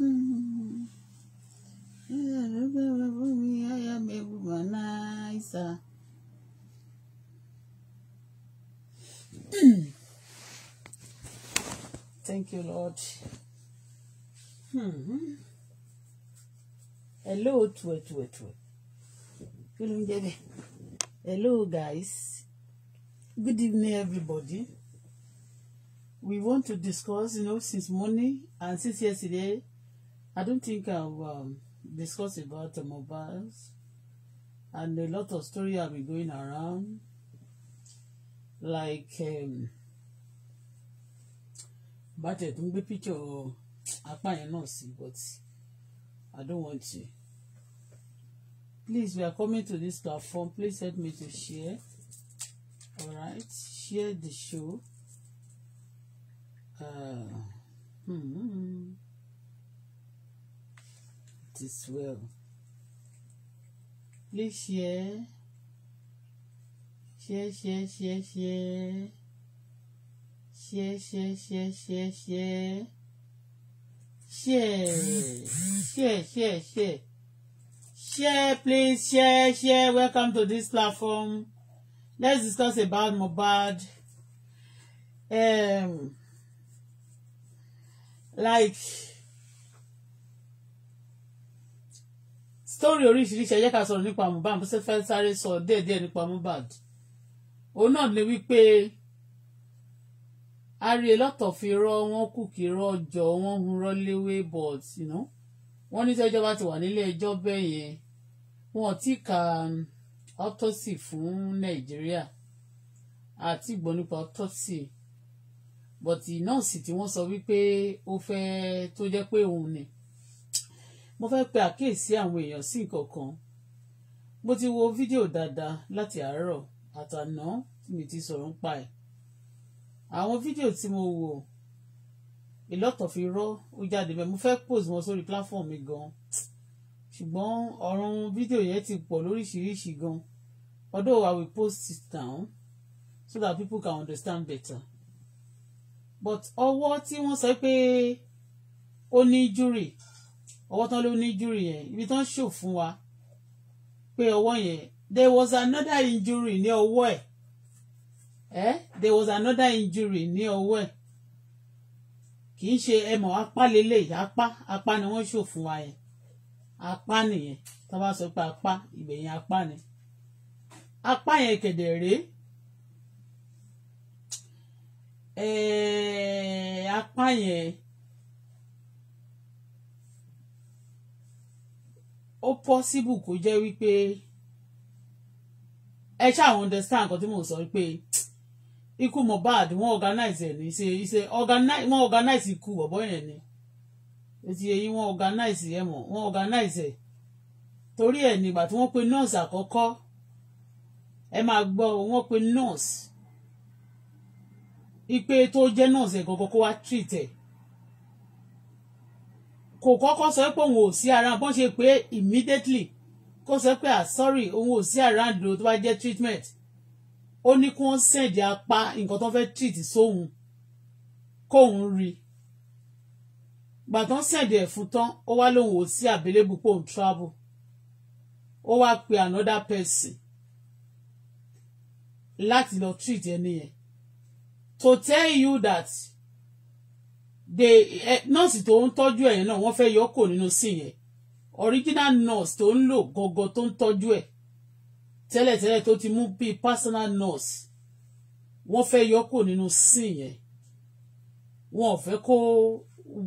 Thank you, Lord. Hmm. Hello, twe twe twe. Hello, guys. Good evening, everybody. We want to discuss, you know, since morning and since yesterday, I don't think I've um, discussed about the mobiles and a lot of story have been going around like um, bàtẹ̀ tó ń gbé picture apá yẹn náà but I don't want to. Please, we are coming to this platform. Please help me to share. All right, share the show. Uh, mm-hmm it is well. Please share. Share, share, share, share. Share, share, share, share, share. Share, share, share, share. Share, please share, share. Welcome to this platform. Let's discuss about mobad. Um, like story oríṣiríṣi ẹ jẹ́ ká sọ̀rọ̀ nípa Mohbad bó ṣe fẹ́ sáré sọ díẹ̀díẹ̀ nípa Mohbad òun náà ni wípé a rí lọ́tọ̀ fi rọ́ wọ́n kù kí rọ́ jọ wọ́n hun rọ́ léwé but you know, wọ́n ní sẹ́jọ́ bá ti wà nílé ẹjọ́ bẹ́ẹ̀ yẹn wọn ti ka autopsy fún Nàìjíríà àti gbọ́ nípa autopsy but nọ́ọ̀sì tí wọ́n sọ wípé ó fẹ́ tó jẹ́ pé òun ni mo fẹ́ pe àkíyèsí àwọn èèyàn sí nǹkan kan mo ti wo fídíò dáadáa láti àárọ̀ àtàná tí mi ti sọ̀rọ̀ ń pa ẹ̀ àwọn fídíò tí mo wò a lot of irọ́ ó jáde bẹ́ẹ̀ mo fẹ́ post wọn sórí platform mi gan ṣùgbọ́n ọ̀run fídíò yẹn ti pọ̀ lóríṣiríṣi gan although I will post it down so that people can understand better but ọwọ́ tí wọ́n sọ pé ó ní júrì ọwọ́ tán ló ní injury yẹn ibi tán ṣò fún wa pé ọwọ́ yẹn there was another injury ní ọwọ́ ẹ̀ eh? there was another injury ní ọwọ́ ẹ̀ kì í ṣe ẹmọ apá lélẹyìí apá apá ni wọ́n ṣò fún wa yẹn apá nìyẹn tó bá sọ pé apá ìgbẹ̀yìn apá ni apá yẹn kẹ̀dẹ̀ rèé apá yẹn ó possible kó jẹ́ wípé ẹ ṣáà understand nǹkan tí mò ń sọ wípé ikú Mohbad wọ́n organize ẹ̀ ní ṣe ṣe wọ́n organize ikú bọ̀bọ̀ yẹn ni etí eyín wọ́n organize ẹ̀ mọ̀ wọ́n organize ẹ̀ torí ẹ̀ nígbà tí wọ́n pe nurse àkọ́kọ́ ẹ máa gbọ́ wọ́n pe nurse ipe tó jẹ́ nurse ẹ̀ gangan kó wá treat ẹ̀ kò kọ́kọ́ sọ pé òun ò sí around bọ́n ṣe pé immediately kó sọ pé ah sorry òun ò sí around o tó bá jẹ́ treatment ó ní kí wọ́n sẹ̀dí apá nǹkan tó fẹ́ treat sóhun kóhun rí gbàtàn sẹ̀dí ẹ̀ fún tán ó wá lóun ò sí available pé òun travel ó wá pe another person láti lọ treat ẹni yẹn to tell you that de eh, nọ́ọ̀sì tó ń tọ́jú ẹ̀yẹn náà wọ́n fẹ́ yọ kò nínú sí yẹn original nurse tó ń lò gọ́gọ́ tó ń tọ́jú ẹ̀ tẹ́lẹ̀tẹ́lẹ̀ tó ti mú bíi personal nurse wọ́n fẹ́ yọ kò nínú sí yẹn wọn ò fẹ́ kó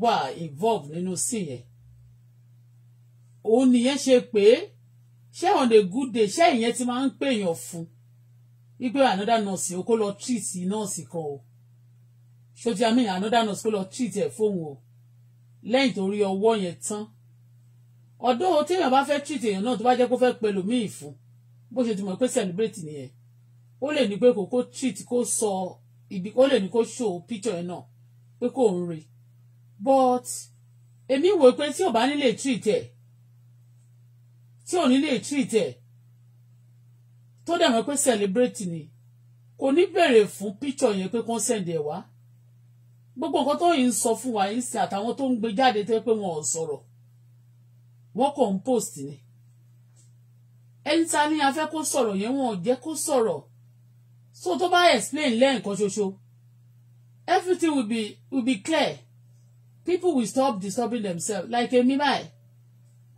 wà involve nínú sí yẹn òun nìyẹn ṣe pé ṣé on a good day ṣé ìyẹn ti máa ń pèèyàn fún wípé another nurse o kó lọ treat nurse kan o ṣó ti àmì another nurse kó lọ treat ẹ̀ fóun o lẹ́yìn tó rí ọwọ́ yẹn tán ọ̀dọ́ o téèyàn bá fẹ́ treat èèyàn náà tó bá jẹ́ kó fẹ́ pẹ̀lú míì fún bó ṣe ti mọ̀ pé celebrate nìyẹn ó lè ní pé kò kó treat kó sọ ibi ó lè ní kó show picture ẹ̀ náà pé kò ń re but èmi wò pé tí ò bá nílé treat ẹ̀ tí ò nílé treat ẹ̀ tó dẹ̀ mọ̀ pé celebrate ni kò ní bẹ̀rẹ̀ fún picture yẹn pé consent ẹ̀ wá gbogbo nǹkan tó yìí ń sọ fún wa yìí sí àtàwọn tó ń gbé jáde tó pé wọn ò sọ̀rọ̀ wọ́n kàn ń post ni ẹni ta ni a fẹ́ kó sọ̀rọ̀ yẹn wọn ò jẹ́ kó sọ̀rọ̀ so tó bá explain lẹ́ẹ̀kan ṣoṣo everything will be will be clear people will stop disturbing themselves like èmi báyìí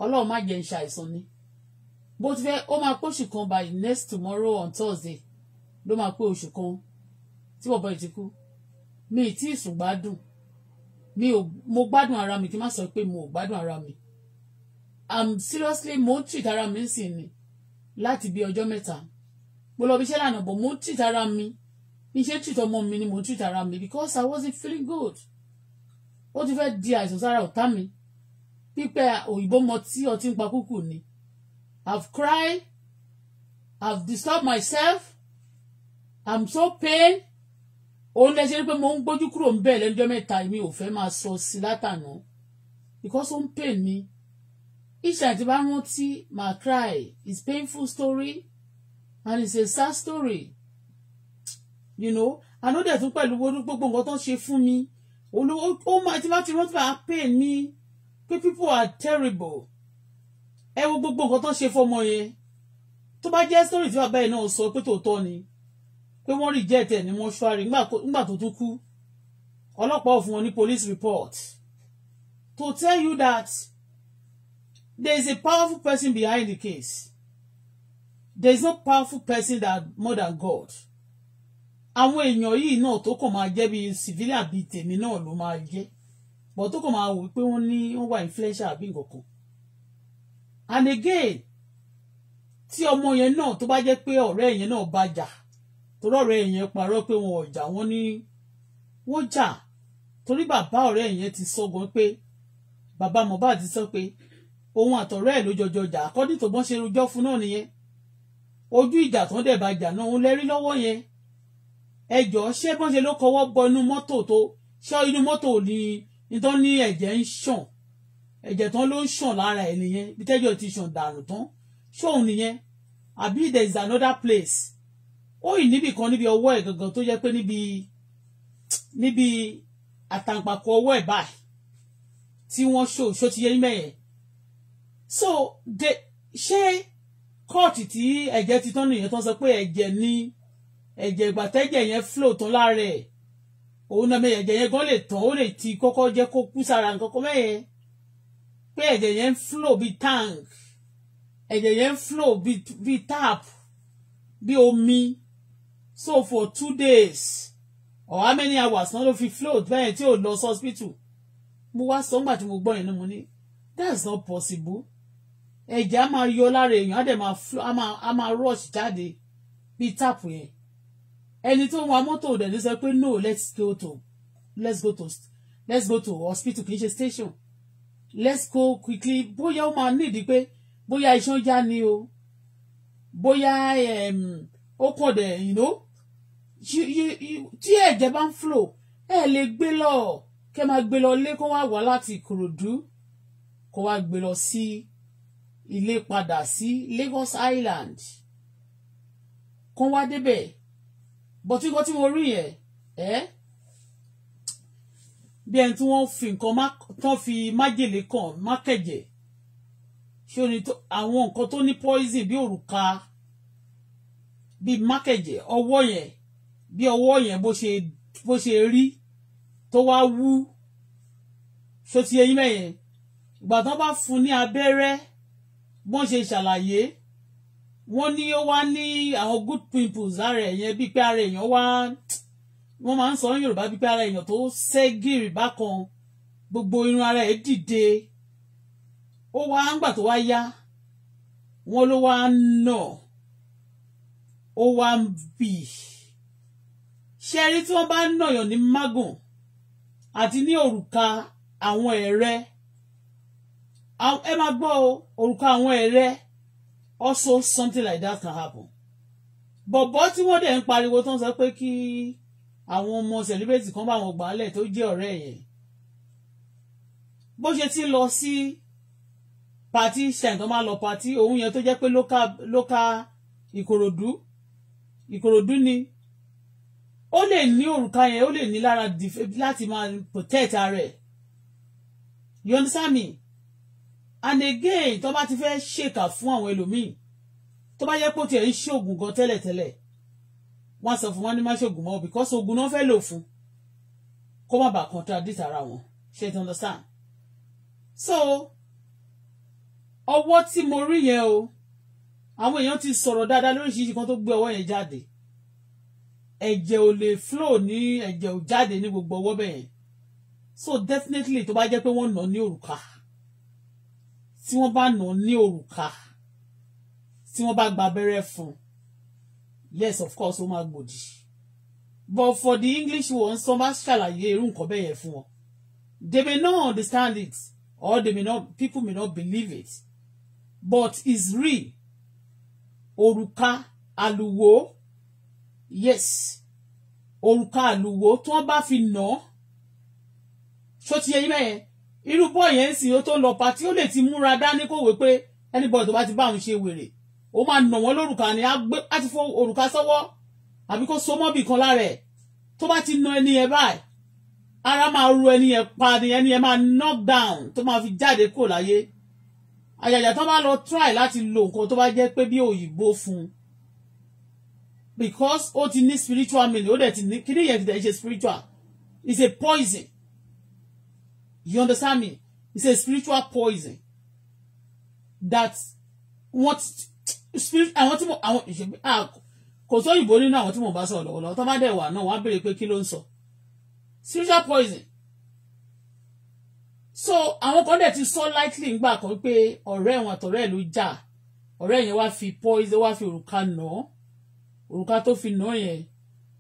ọlọ́run má jẹ́ ń ṣàìsàn ni bó ti fẹ́ ó máa pé oṣù kan by next tomorrow on Thursday ló máa pé oṣù kan tí bọ̀bọ̀ ìtìkú mi tí ì sùn gbádùn mi ò mo gbádùn ara mi kí n má sọ pé mo ò gbádùn ara mi i'm seriously mo ń treat ara mi sì ni láti bí ọjọ́ mẹ́ta mo lọ bí iṣẹ́ lànà bọ̀ mo ń treat ara mi bí iṣẹ́ treat ọmọ mi ni mo ń ara mi because i wasn't feeling good ó ti fẹ́ di àìsàn sára ọ̀tá mi pípẹ́ òyìnbó mọ tí ọtí ń pa kúkú ni i've cried i've disturbed myself i'm so pain òun lẹ ṣe rí pé mo ń gbójú kúrò ń bẹ̀ lẹ́jọ́ mẹ́ta mi ò fẹ́ máa sọ sí látànà because ó ń pè mí ìṣe àti bá rántí máa cry it's painful story and it's a sad story you know àná dẹ̀ tún pẹ̀lú gbogbo nǹkan tó ń ṣe fún mi olówó ó máa ti máa ti rántí máa pain mi pé people are terrible ẹ wo gbogbo nǹkan tó ń ṣe fọmọ yẹn tó bá jẹ́ story tí bàbá yẹn náà sọ pé tòótọ́ ni pé wọ́n reject ẹ̀ ní mọ́ṣúárì nígbà tó tún kú ọlọ́pàá ò fún wọn ní police report to tell you that there is a powerful person behind the case there is no powerful person that more than God àwọn èèyàn yìí náà tó kàn máa jẹ́ bíi civilian bíi tèmi náà ló máa jẹ́ but tó kàn máa wò pé wọ́n ní wọ́n wà influential àbí nǹkan kan and again tí ọmọ yẹn náà tó bá jẹ́ pé ọ̀rẹ́ yẹn náà bá jà torọ́ ọ̀rẹ́ yẹn parọ́ pé wọn ò jà wọ́n ní wọ́n jà torí bàbá ọ̀rẹ́ yẹn ti sọ gan pé bàbá Mohbad ti sọ pé òun àtọ̀rẹ́ ẹ̀ ló jọjọ jà àkọ́dí tó bọ́n ṣe rojọ́ fún náà nìyẹn ojú ìjà tó ń dẹ̀ bá jà náà òun lẹ́rí lọ́wọ́ yẹn ẹjọ́ ṣé bọ́n ṣe ló kọwọ́ bọ inú mọ́tò tó ṣọ́ inú mọ́tò ní nítorí ní ẹ̀jẹ̀ ń ṣàn ẹ̀jẹ̀ tán ló ń ṣàn lára ẹ̀ nìyẹn bí tẹ́jọ́ ti ṣàn dànù tán ṣóun nìyẹn àbí there is another place ó ì níbì kan níbi ọwọ́ ẹ̀ gangan tó jẹ́ pé níbi níbi àtàǹpàkò ọwọ́ ẹ̀ báyìí tí wọ́n ṣò ṣó ti yé mẹ́yẹ̀ so de ṣé kóòtù tí ẹ̀jẹ̀ ti tán nìyẹn tó ń sọ pé ẹ̀jẹ̀ ni ẹ̀jẹ̀ ìgbà tẹ́jẹ̀ yẹn flow tán lára ẹ̀ òun náà mẹ́yẹ̀ ẹ̀jẹ̀ yẹn gan lè tán ó lè ti kọ́kọ́ jẹ́ kó kú sára nǹkan kan mẹ́yẹ̀ pé ẹ̀jẹ̀ yẹn ń flow bíi tank ẹ̀jẹ̀ yẹn ń flow bíi tap bíi omi so for two days or how many hours náà ló fi float bẹ́ẹ̀ tí ò lọ sí hospital mo wá sọ ńgbà tí mo gbọ́ yẹn náà mo ní that's not possible ẹ̀jẹ̀ á máa yọ lára èèyàn á dẹ̀ máa rush jáde bí tap yẹn ẹni tó ń wa mọ́tò dẹ̀ ló sọ pé no let's go to let's go to let's go to hospital kì ṣe station let's go quickly bóyá ó máa nídìí pé bóyá iṣan já ni o bóyá. Um, ó kàn dẹ̀ you know tí ẹ̀jẹ̀ bá ń flow ẹ lè gbé lọ kẹ máa gbé lọ ilé kó wá wá láti Ìkòròdú kó wá gbé lọ sí ilé padà sí Lagos Island kó wá débẹ̀ bọ̀tíkọ́ tí mo rí yẹn ẹ́ bí ẹni tí wọ́n fi nǹkan tán fi májèlé kan mákẹ̀jẹ̀ ṣé o ní àwọn nǹkan tó ní poison bí òrùka bíi mákẹ̀jẹ̀ ọwọ́ yẹn bí ọwọ́ yẹn bó ṣe bó ṣe rí tó wá wú ṣó ti eyín mẹ́yẹn ìgbà tán bá fún ní abẹ́rẹ́ bọ́n ṣe ṣàlàyé wọ́n ní ó wá ní àwọn good pimples lára ẹ̀yẹn bíi pé ara èèyàn wá wọ́n máa ń sọ Yorùbá bíi pé ara èèyàn tó ṣẹ́ gírì bákan gbogbo irun ara ẹ̀ dìde ó wá ń gbà tó wá yá wọ́n ló wá ń nà. No ó wá ń bì ṣe rí tí wọ́n bá nàyàn ní magun àti ní òrùka àwọn ẹ̀rẹ́ ẹ máa gbọ́ òrùka àwọn ẹ̀rẹ́ also something like that can happen bọ̀bọ̀ tí wọ́n dẹ̀ ń pariwo tó ń sọ pé kí àwọn ọmọ celebrate kan bá wọn gbà á lẹ̀ tó jẹ́ ọ̀rẹ́ yẹn bó ṣe ti lọ sí pati ṣẹ̀ǹtàn máa lọ pati òun yẹn tó jẹ́ pé local local Ìkòròdú Ìkòròdú ni ó lè ní òrùka yẹn ó lè ní lára láti máa protect ara ẹ̀ you understand me and again tó bá ti fẹ́ ṣèkà fún àwọn ẹlòmíì tó bá yẹ kó tiẹ̀ ń ṣoògùn gan tẹ́lẹ̀tẹ́lẹ̀ wọ́n sọ fún wọn ní má ṣoògùn mọ́ because oògùn náà fẹ́ lò fún kó má bàa contradict ara wọn ṣe ti understand so ọwọ́ tí mo rí yẹn o àwọn èèyàn ti sọ̀rọ̀ dáadáa lóríṣiríṣi kan tó gbé ọwọ́ yẹn jáde ẹ̀jẹ̀ ò lè flow ní ẹ̀jẹ̀ ò jáde ní gbogbo ọwọ́ bẹ́ẹ̀ yẹn so definitely tó bá jẹ́ pé wọ́n nà ní òrùka tí wọ́n bá nà ní òrùka tí wọ́n bá gba abẹ́rẹ́ fún yes of course ó máa gbòdì but for the English ones wọ́n bá ṣàlàyé irú nǹkan bẹ́ẹ̀ yẹn fún wọn they may not understand it or they may not people may not believe it but it's real òrùka àlùwò yes òrùka àlùwò tí wọ́n bá fi nà án ṣó ti yẹ yín mẹ́yẹn irú bọ́ọ̀ yẹn ń sìn ó tó lọ pàtí ó lè ti múra dání kó wé pé anybody tó bá ti bá òun ṣe wèrè ó máa nà wọ́n lórùka ni á ti fọ òrùka sọ́wọ́ àbí kó so mọ́bì kan lára ẹ̀ tó bá ti na ẹni yẹn báyìí ara máa ru ẹni yẹn pa ni ẹni yẹn máa knock down tó máa fi jáde kó láyé àjàjà tó bá lọ try láti lo nǹkan tó bá jẹ́ pé bí òyìnbó fún un because ó ti ní spiritual meaning ó dẹ̀ ti ní kí ni yẹn ti dẹ̀ ṣe spiritual it's a poison you understand me it's a spiritual poison that what spirit àwọn tí mo àwọn ìṣègbè ah kò sóyìnbó nínú àwọn tí mo bá sọ lọ́wọ́lọ́wọ́ tó bá dẹ̀ wà náà wọ́n á béèrè pé kí ló ń sọ spiritual poison so àwọn kan dẹ̀ ti sọ lightly ńgbà kan pé ọ̀rẹ́ wọn àtọ̀rẹ́ ló jà ọ̀rẹ́ yẹn wá fi poise wá fi òrùka nà án òrùka tó fi nà án yẹn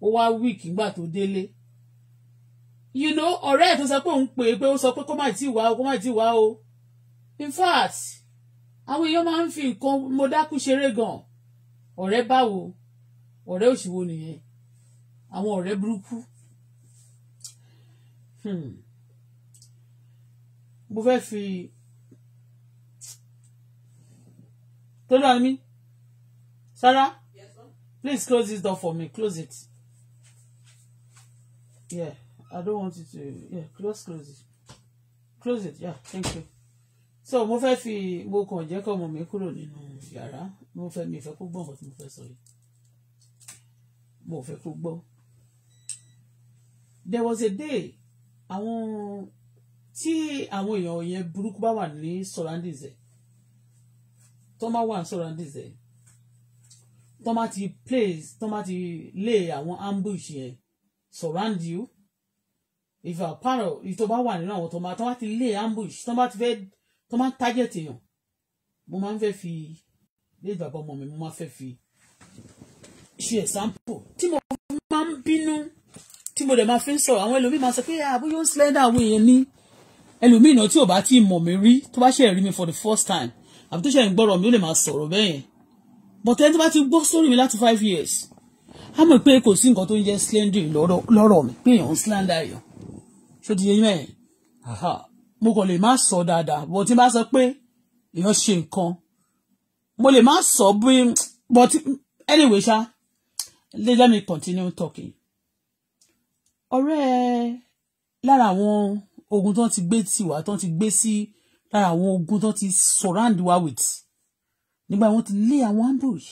ó wá weak ńgbà tó délé you know ọ̀rẹ́ ẹ̀ tó sọ pé òun pè é pé ó sọ pé kó má ti wá o kó má ti wá o in fact àwọn èèyàn máa ń fi nǹkan mo dákú ṣeré gan ọ̀rẹ́ báwo ọ̀rẹ́ òṣìwò nìyẹn àwọn ọ̀rẹ́ burúkú. Hmm mo fẹ́ fi tolu ami Sarah yes, please close this door for me close it yeah I don't want you to yeah close close it close it yeah thank you so mo fẹ́ fi mo kàn jẹ́ kọ́ ọmọ mi kúrò nínú yàrá mo fẹ́ mi ìfẹ́ kó gbọ́ nǹkan tí mo fẹ́ sọ yìí mo fẹ́ kó gbọ́ there was a day àwọn tí àwọn èèyàn yẹn burúkú bá wà ní surroundings ẹ̀ tó máa wà ní surroundings tó máa ti place tó máa ti lé àwọn ambush yẹn surround you if you are part of tó bá wà nínú àwọn tó máa tó máa ti lé ambush tó máa ti fẹ́ tó máa target èèyàn mo máa ń fẹ́ fi lé bàbá ọmọ mi mo máa fẹ́ fi ṣe example tí mo máa ń bínú tí mo dẹ̀ máa fi ń sọ̀rọ̀ àwọn ẹlòmíì máa sọ pé àbúyọ́ ah, slender àwọn èèyàn ní ẹlòmíì náà tí ò bá tí ì mọ̀ mí rí tó bá ṣe rí mi for the first time àbí tó ṣe ń gbọ́rọ̀ mi ó lè máa sọ̀rọ̀ bẹ́ẹ̀ yẹn but ẹni tó bá ti gbọ́ sórí mi láti five years á mọ̀ pé kò sí nǹkan tó ń jẹ́ slandering lọ́rọ̀ mi pé èèyàn ń slander yàn ṣó ti yẹ yín mẹ́yìn mo kàn lè má sọ dáadáa but tí n bá sọ pé èèyàn ṣe nǹkan mo lè má sọ bí but anyway ṣá let me continue talking ọ̀rẹ́ lára àwọn ogun tó ti gbé tì wá tó ti gbé sí lára àwọn ogun tó ti surround wa with nígbà wọn ti lé àwọn ambush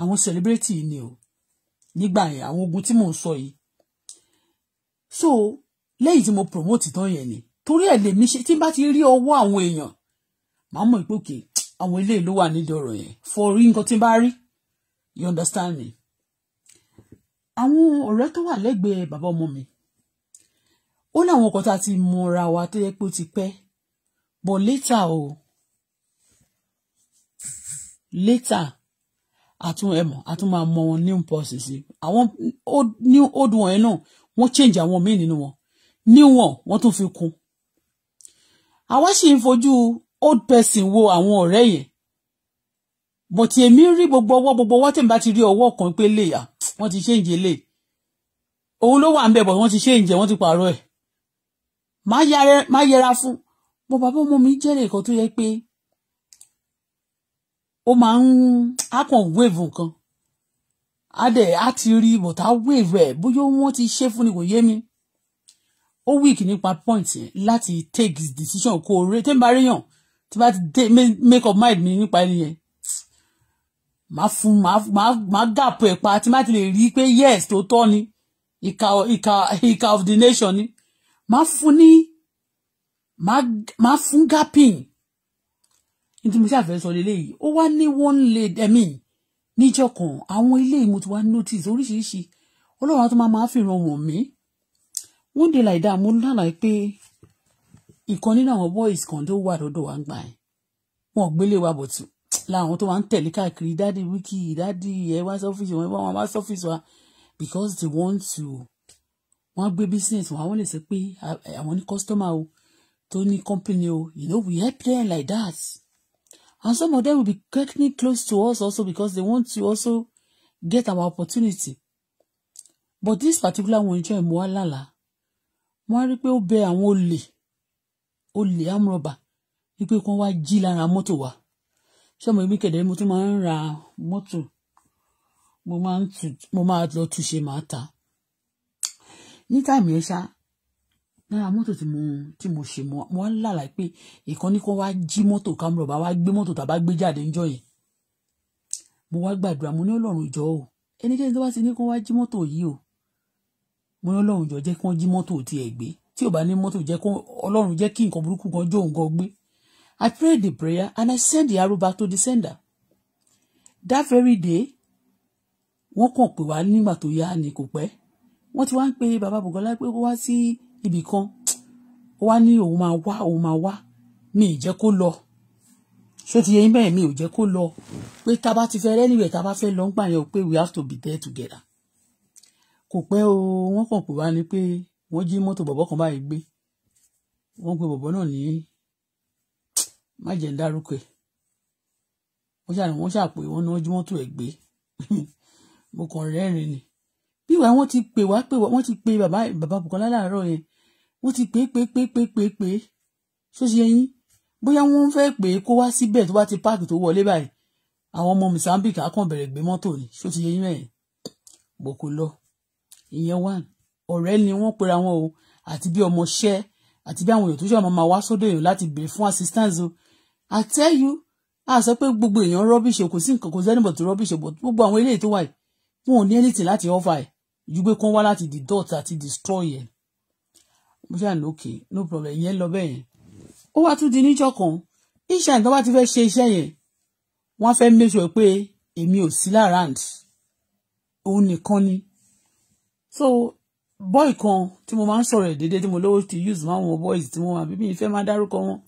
àwọn celebrity ni o nígbà yẹn àwọn ogun tí mò ń sọ yìí so lẹ́yìn tí mo promote tán yẹn ni torí ẹ̀ lèmi ṣe tí n bá ti rí ọwọ́ àwọn èèyàn màá mọ̀ pé òkè àwọn eléyìí ló wà nídìí ọ̀rọ̀ yẹn fọrí nǹkan tí n bá rí you understand me àwọn ọ̀rẹ́ tó wà lẹ́gbẹ̀ẹ́ bàbá ọmọ mi ó láwọn kan tá a ti mọra wa tó yẹ pé ó ti pẹ́ but later o later àtún ẹ mọ̀ àtún máa mọ wọn new pulses àwọn new old wọn yẹn náà wọ́n change àwọn míì nínú wọn new one wọ́n tún fi kún àwa sì ń fojú old person wo àwọn ọ̀rẹ́ yẹn but èmi rí gbogbo ọwọ́ gbogbo ọwọ́ tèmi bá ti rí ọwọ́ kan pé lè à wọ́n ti change lè òun ló wà ń bẹ̀ bọ̀ wọ́n ti change wọ́n ti pààrọ̀ ẹ̀ má yẹra fún bó bàbá ọmọ mi jẹ́rìí nǹkan tó yẹ pé ó máa ń á kàn wéèvù nǹkan á dẹ̀ á ti rí bọ̀tá wéèvù ẹ̀ bóyá wọ́n ti ṣe fún ni kò yé mi ó wíìkì nípa point yẹn láti take decision kó o rẹ tẹ́ǹbà ríyàn tí bá ti make up mind mi nípa ẹni yẹn màá fún màá gàpọ̀ ẹ̀ pa tí má ti lè rí i pé yes tó tọ́ ni ìka of the nation ni máa fún ní máa fún gapin ní tí mo ṣàfẹ́ sọ lélẹ́yìí ó wá ní one lady ẹ̀mí níjọ́ kan àwọn ilé mo ti wá notice oríṣiríṣi ọlọ́run àti máa máa fìràn wọ̀n mí one day like that mo lálàá pé ìkan nínú àwọn boys kan tó wà lọ́dọ̀ wa ń gbà yẹn wọn gbélé wa bọ̀tù láwọn tó wà ń tẹ̀lé káàkiri dáàdi wíkì dáàdi ẹ̀ wá sọ́fíìsì wọn ẹ̀ wá sọ́fíìsì wa because they want to wọ́n á gbé business wọn àwọn lè sọ pé ah, eh, àwọn ní customer o tó ní company o you know we help them like that and some of them will be getting close to us also because they want to also get our opportunity but this particular one jẹ́ ìmú alala wọ́n á rí pé ó bẹ àwọn olè olè amúrọ̀bà wípé kí wọ́n wá jí lára mọ́tò wa ṣé ọmọ ìmíkẹ̀dẹ̀ mo tún máa ń ra mọ́tò mo máa ń tù mo máa lọ túnṣe máa ta ní táìmù yẹn ṣá náírà mọ́tò tí mo tí mo ṣe mo wá ń lálàá pé ìkan ní kó wá jí mọ́tò kámúrọ̀ bá wá gbé mọ́tò tàbá gbé jáde ńjọ́ yẹn mo wá gbàdúrà mo ní ọlọ́run jọ o ẹnikẹ́ni tó bá ti ní kó wá jí mọ́tò yìí o mo ní ọlọ́run jọ jẹ́ kí wọ́n jí ti tiẹ̀ gbé tí ò bá ní mọ́tò jẹ́ kó ọlọ́run jẹ́ kí nǹkan burúkú kan jó nǹkan gbé I prayed the prayer and I sent the arrow back to the sender. That very day, wọ́n kàn pè wá nígbà tó yá ni kò pẹ́ wọ́n ti wá ń pe bàbá Bùkọ́lá pé kó wá sí ibì kan ó wá ní òun máa wá òun máa wá mi ì jẹ́ kó lọ ṣó ti yẹ yín bẹ́ẹ̀ mi ò jẹ́ kó lọ pé tá a bá ti fẹ́ rẹ́nìwẹ̀ tá a bá fẹ́ lọ ń gbà yẹn o pé we have to be there together kò pẹ́ o wọ́n kàn pè wá ni pé wọ́n jí mọ́tò bọ̀bọ́ kan báyìí gbé wọ́n pe bọ̀bọ́ náà ní má jẹ́ ń dárúkọ ẹ̀ wọ́n ṣàpè wọ́n náà jí mọ́tò ẹ̀ gbé mo kàn rẹ́rìn ni bí wàá wọ́n ti pè wá pè wọ́n ti pè bàbá bàbá Bùkọ́lá láàárọ̀ yẹn wọ́n ti pè pè pè pè pè pè ṣó ṣe yín bóyá wọ́n fẹ́ pè kó wá síbẹ̀ tó bá ti páàkì tó wọlé báyìí àwọn ọmọ Mozambique akàn bẹ̀rẹ̀ gbé mọ́tò ni ṣó ti yẹ yín mẹ́yìn bò kò lọ ìyẹn wà ọ̀rẹ́ ni wọ́n pera wọn o àti bí ọmọọṣẹ́ àti bí àwọn èèyàn tó ṣe ọmọ máa wá sọ́dọ̀ èèyàn láti béèrè fún assistance o I tell you a sọ pé gbogbo èèyàn rọ́bìṣe kò sí nǹkan kò sẹ́nìbọ̀ tó rọ́bìṣe bọ̀ gbogbo àwọn eléyìí tó wà yìí wọn ò ní anything láti offer ẹ̀ ju pé kán wá láti deduct àti destroy ẹ̀ mo ṣáà ní òkè no problem ìyẹn lọ bẹ́ẹ̀ yẹn ó wá tún di níjọ́ kan iṣẹ́ àìtọ́ bá ti fẹ́ ṣe iṣẹ́ yẹn wọ́n fẹ́ make sure pé èmi ò sí láràǹd òun nìkan ni so boy kan tí mo máa ń sọ̀rọ̀ ẹ̀ déédéé tí mo lówó ti use máa ń wọ boys tí mo máa bí mi ìfẹ́ máa dárúkọ wọn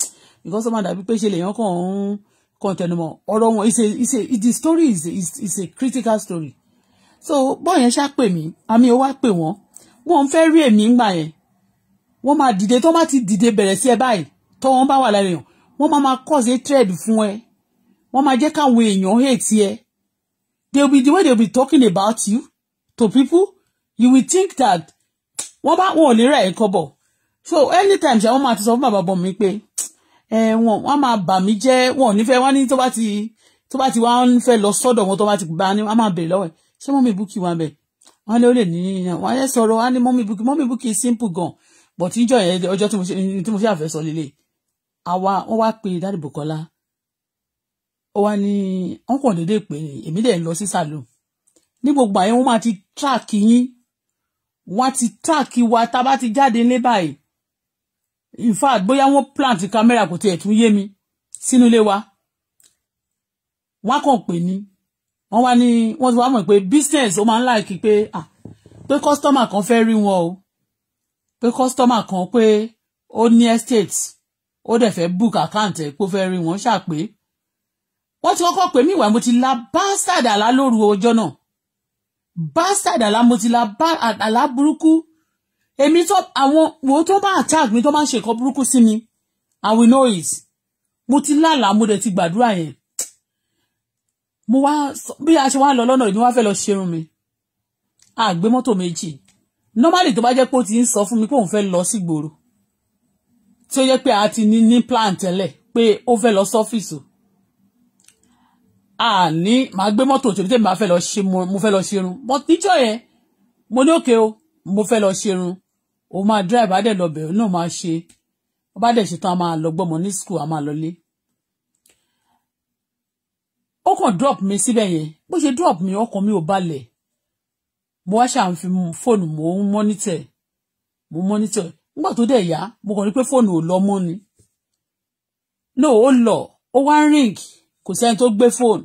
because ó máa dàbí pé ṣe lèèyàn kàn ń kàn tẹnumọ́ ọ̀rọ̀ wọn it's a it's a the story is a, is a critical story so bọ́ọ̀yẹn ṣá pè mí àmì ó wá pè wọ́n wọ́n fẹ́ rí èmi ńgbà yẹn wọ́n máa dìde tó má ti dìde bẹ̀rẹ̀ sí ẹ báyìí tọ́wọ́n bá wà lára èèyàn wọ́n máa máa cause hatred fún ẹ wọ́n máa jẹ́ káwọn èèyàn hate ẹ they will be the way they will be talking about you to people you will think that wọ́n bá wọn ò lè rẹ̀ ẹ̀ kọ́ so anytime ṣe àwọn máa ti sọ fún bàbá bọ̀ mi pé ẹ wọn wọn máa bà mí jẹ́ wọn ò ní fẹ́ wọn ní tó bá ti tó bá ti wá ń fẹ́ lọ sọ́dọ̀ wọn tó bá ti gbà ní wọn máa bèrè lọ́wọ́ ẹ̀ ṣé mọ́mí búkì wà bẹ́ẹ̀ wọ́n lé ó lè ní yíyan wọ́n lè sọ̀rọ̀ wọ́n ní mọ́mí búkì mọ́mí búkì simple gan but níjọ́ yẹn ọjọ́ tí mo ṣe àfẹ́ sọ lélẹ̀ àwa wọ́n wá pe dáàdì Bùkọ́lá ó wá ní wọ́n kàn déédé pé èmi dẹ̀ lọ sí sàlùm ní gbogbo àyẹ̀wò wọ́n máa ti tíráàkì yín wọ́n ti tíráàkì wa tá a bá ti jáde lé báyìí in fact bóyá wọ́n plant camera kò tiẹ̀ tún yé mi sínú ilé wa wọ́n kàn pè ní wọ́n wá ní wọ́n ti wá mọ̀ pé business ó máa ń láìkí pé ah pé customer kan fẹ́ rí wọn o pé customer kan pé ó ní estate ó dẹ̀ fẹ́ book account ẹ̀ pé ó fẹ́ rí wọn ṣàpè wọ́n ti kọ́kọ́ pè mí ìwà mo ti la bastard àlá lóru ọjọ́ náà bastard àlá mo ti la àlá burúkú èmi tó àwọn wo tó bá attack mi tó máa ń ṣe nǹkan burúkú sí mi i will know it mo ti lálàá mo dẹ̀ ti gbàdúrà yẹn mo wá bí a ṣe wá lọ lọ́nà ìdí wá fẹ́ lọ ṣerun mi a mọ́tò méjì normally tó bá jẹ́ pé ó ti ń sọ fún mi pé òun fẹ́ lọ sígboro tí ó yẹ pé a ti ní ní plan tẹ́lẹ̀ pé ó fẹ́ lọ sọ́fíìsì a màá gbé mọ́tò tèmi tèmi máa fẹ́ lọ ṣe mo fẹ́ lọ ṣerun but níjọ́ yẹn mo ní òkè o mo fẹ́ lọ ṣerun òun máa drive adẹ̀ lọ bẹ̀rẹ̀ náà máa ṣe ọba dẹ̀ ṣetán a máa lọ gbọ́mọ ní school a máa lọ lé ó kàn drop mi síbẹ̀ yẹn bó ṣe drop mi ọkàn mi ò balẹ̀ mo wá ṣáà ń fi fóònù mo ń mọ́nítẹ̀ mo mọ́nítẹ̀ nígbà tó dẹ̀ yá mo kàn rí pé fóònù ò lọ mọ́ ni no ó lọ ó wá ń ring kò sẹ́ni tó gbé fóònù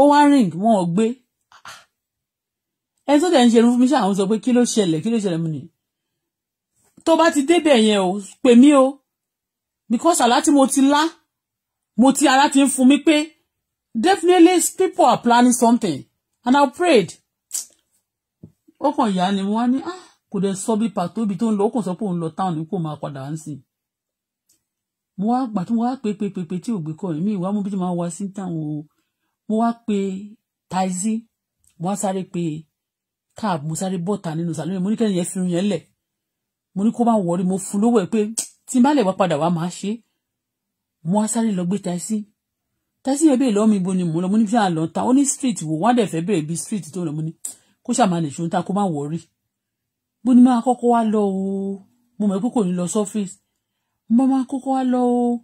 ó wá ń ring wọn ò gbé ẹni tó dẹ̀ ń ṣe irun fún mi ṣáà ń sọ pé kí ló ṣẹlẹ̀ kí ló ṣẹlẹ̀ mu nìyí tó bá ti débẹ̀ yẹn o pè mí o because àlá tí mo ti lá mo ti ara ti ń fún mi pé definitely people are planning something and I prayed ó kàn yá ni wọ́n á ní ah kò dẹ̀ sọ bí pàtó ibi tó ń lọ ó kàn sọ pé òun lọ táwọn ní kò máa padà ń sìn mo wá gbà tí mo wá pé pé pé pé tí ò gbé kọ mi ìwà mo bí tí mo wá sí táwọn o mo wá pé taizí mo wá sáré pé káàbù mo sáré bọ́ta nínú sàlẹ́ mo ní kẹ́ni yẹn fi yẹn lẹ̀ mo ní kó bá wọrí mo fún lówó ẹ̀ pé tí n bá lè wá padà wá máa ṣe é mo wá sáré lọ gbé taxi taxi yẹn béèrè lọ́wọ́ mi bo ni mo lọ mo ní fi hàn lọ ta ó ní street wò wọ́n dẹ̀ fẹ́ béèrè bí street tó lọ mo ní kó ṣàmà lè ṣòun ta kó má wọrí bó ni máa kọ́kọ́ wá lọ o mo mọ̀ pé kò ní lọ surface mo máa kọ́kọ́ wá lọ o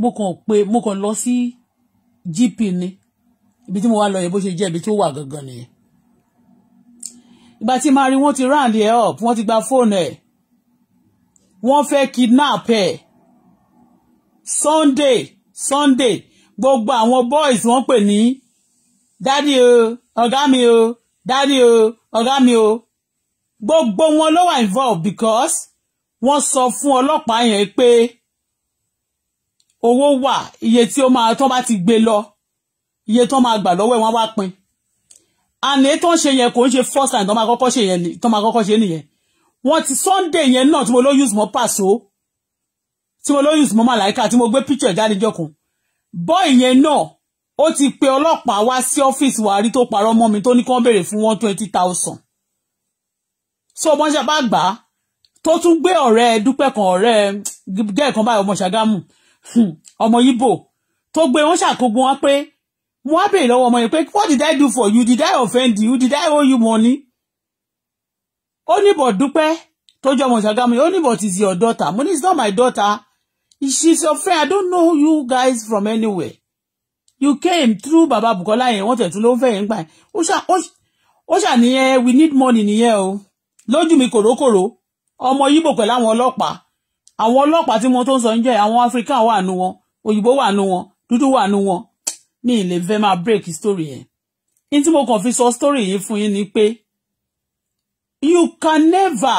mo kàn pé mo kàn lọ sí gp ni ibi tí mo wá lọ yẹn bó ṣe jẹ́ ibi tó wà gangan nìyẹn ìgbà tí màá rí wọ́n ti round ẹ̀ up wọ́n ti gba fóònù ẹ̀ wọ́n fẹ́ kidnap ẹ̀ Sunday Sunday gbogbo àwọn boys wọ́n pè ní dádì o ọ̀gá mi o dádì o ọ̀gá mi o gbogbo wọn ló wà involved because wọ́n sọ fún ọlọ́pàá yẹn pé owó wà iye tí ó máa tó bá ti gbé lọ iye tó máa gbà lọ́wọ́ ẹ̀ wọ́n wá pín àná tó ń ṣe yẹn kò ń ṣe first time tó máa kọ́kọ́ ṣe yẹn tó máa kọ́kọ́ ṣe nìyẹn wọ́n ti Sunday yẹn náà tí mo lọ use mọ́ pàṣọ tí mo lóyún mọ́ màláìka tí mo gbé picture jáde jọkùn bọ́ ìyẹn náà ó ti pe ọlọ́pàá wá sí ọ́fíìsì wa rí tó parọ́ mọ́ mi tó ní kí wọ́n béèrè fún one twenty thousand so ọmọ ṣe bá gbà á tó tún gbé ọ̀rẹ́ dúpẹ́ kan ọ̀rẹ́ gẹ́ẹ̀ kan báyìí ọmọ ṣàgámù hmm, ọmọ yíbò tó gbé wọn ṣàkógun wọn pé wọn á béèrè lọ́wọ́ ọmọ yẹn pé what did I do for you did I offend you did I owe you money ó níbọ̀ dúpẹ́ tó jẹ́ ọmọ ṣàgámù ó níbọ̀ ti di your daughter mo ní it's not my daughter she's your friend i don't know you guys from anywhere you came through baba Bukola and wanted to ló ń fẹ́ yẹn Osha, yẹn ó ṣà we need money nìyẹn o lójú mi kòrókòró ọmọ yíbò pẹ̀lú àwọn ọlọ́pàá àwọn Lokpa, tí mo Lokpa. ń sọ ń jẹ́ àwọn áfíríkà wà nù wọn òyìnbó wà nù wọn dúdú wà nù wọn mi ì lè fẹ́ máa break story yẹn ní tí mo kàn fi story yìí fún yín ni pé you can never